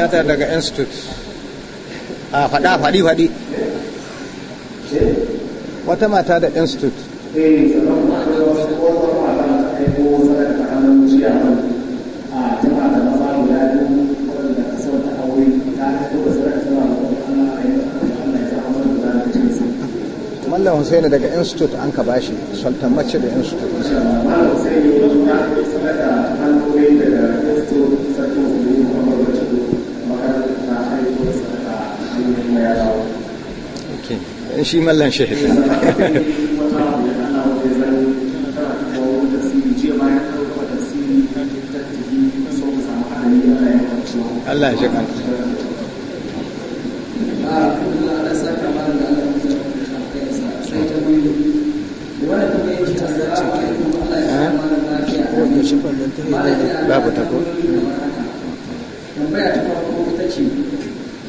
ta ta daga institute a faɗa faɗi faɗi wata mata da institute Mallam Hussaini daga institute an ka bashi sultan mace da institute shi mallan shahid Allah ya shi babu tako tambaya ta farko ita ce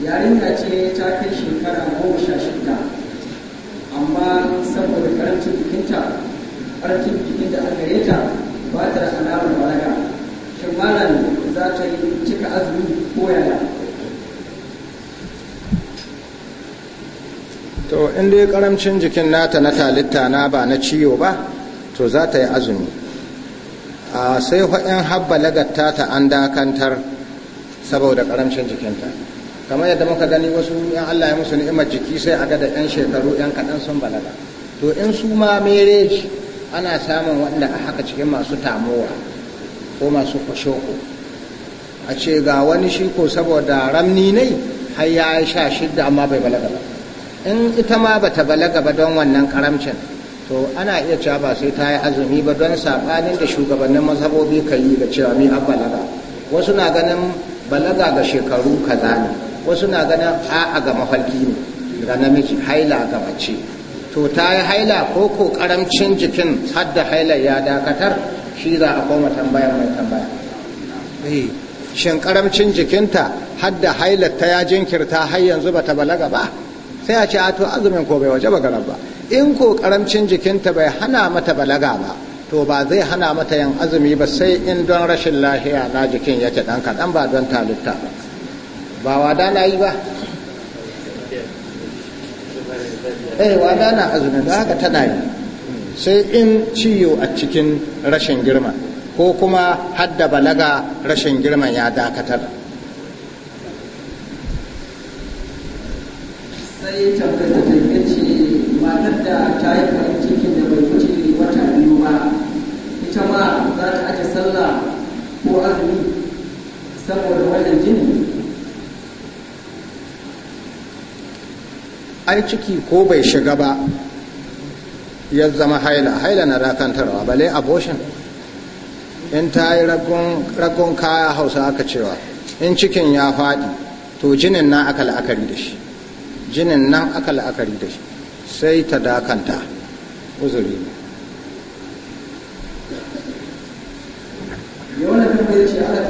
yarinya ce ta kai shekara goma sha shida halarci bikin da aka yi ta ba ta alamar balaga shin malam za ta yi cika azumi ko yaya to in dai karamcin jikin nata na talitta na ba na ciwo ba to za ta yi azumi a sai haɗin habba lagatta ta an dakantar saboda karamcin jikinta kamar yadda muka gani wasu yan Allah ya musu ni'imar jiki sai a ga da yan shekaru yan kaɗan sun balaga to in su ma mere ana samun wanda a haka cikin masu tamowa ko masu kwashoko a ce ga wani shi ko saboda ramni ne har ya sha shidda amma bai balaga ba in ita ma ba ta balaga ba don wannan karamcin to ana iya cewa ba sai ta yi azumi ba don saɓanin da shugabannin mazhabobi ka yi da cewa mi an balaga wasu na ganin balaga ga shekaru kaza ne wasu na ganin a'a ga mafalki ne ga namiji haila ga mace to ta yi haila ko ko karamcin jikin hadda haila ya dakatar shi za a koma tambayar mai tambaya eh, shin karamcin jikinta hadda haila ta ya jinkirta har yanzu ba ta balaga ba sai a ce a to azumin ko bai waje ba garar ba in ko karamcin jikinta bai hana mata balaga ba to ba zai hana mata yin azumi ba sai in don rashin lahiya na jikin yake dan kaɗan ba don talitta ba ba wada na yi ba tsayawa na azumin da haka tana yi sai in ciyo a cikin rashin girma ko kuma hadda balaga rashin girma ya dakatar sai an ciki ko bai shiga ba ya zama haila haila na rakantarwa balai abortion in ta yi ragon kaya hausa aka cewa in cikin ya faɗi to jinin nan aka la'akari da shi jinin nan aka la'akari da shi sai ta dakanta uzuri ne yawon da ce ana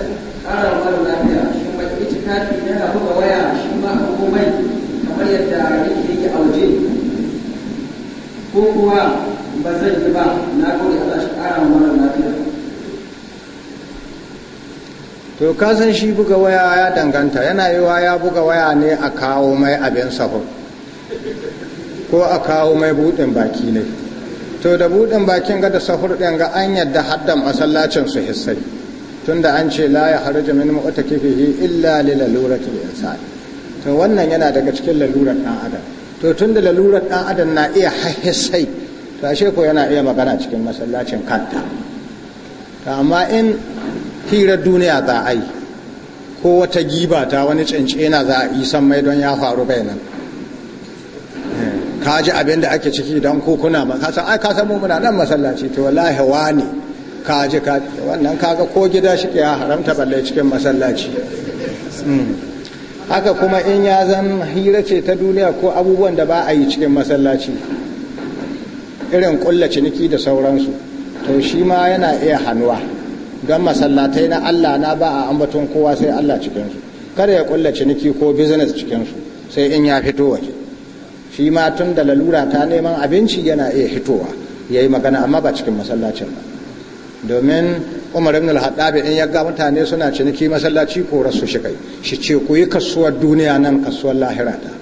ƙarar wani lafiya shi mai itikafi yana buga waya shi ma komai kamar yadda ko kuwa ba zai yi ba na kawai a shi ƙara mara lafiya to kasan shi buga waya ya danganta yana yiwa ya buga waya ne a kawo mai abin sahu ko a kawo mai buɗin baki ne to da buɗin bakin ga da sahur ɗin ga an yadda haddan masallacin su hissai da an ce la ya harja min kifihi illa lil insani to wannan yana daga cikin lalurar ɗan adam to tun da lalurar ɗan adam na iya sai, to ashe ko yana iya magana cikin masallacin kanta to amma in hirar duniya za a yi ko wata giba ta wani cincina za a yi san mai don ya faru bai nan? Eh, ka ji abin da ake ciki don kukuna ma kasan ai kasan mu nan masallaci to wallahi wani ka ji ka wannan kaga ko gida shi ke haramta balle cikin masallaci hmm. haka kuma in ya zan hira ce ta duniya ko abubuwan da ba a yi cikin masallaci irin kulla ciniki da sauransu to shi ma yana iya hannuwa don masallatai na allah na ba a ambaton kowa sai allah cikinsu kada ya kulla ciniki ko business cikinsu sai in ya fito waje shi ma tun da lalura ta neman abinci yana iya hitowa ya yi magana amma ba cikin masallacin ba domin umar ibn al haddabi in ya ga mutane suna ciniki masallaci ko rasu shi kai shi ce ku yi kasuwar duniya nan kasuwar lahirata.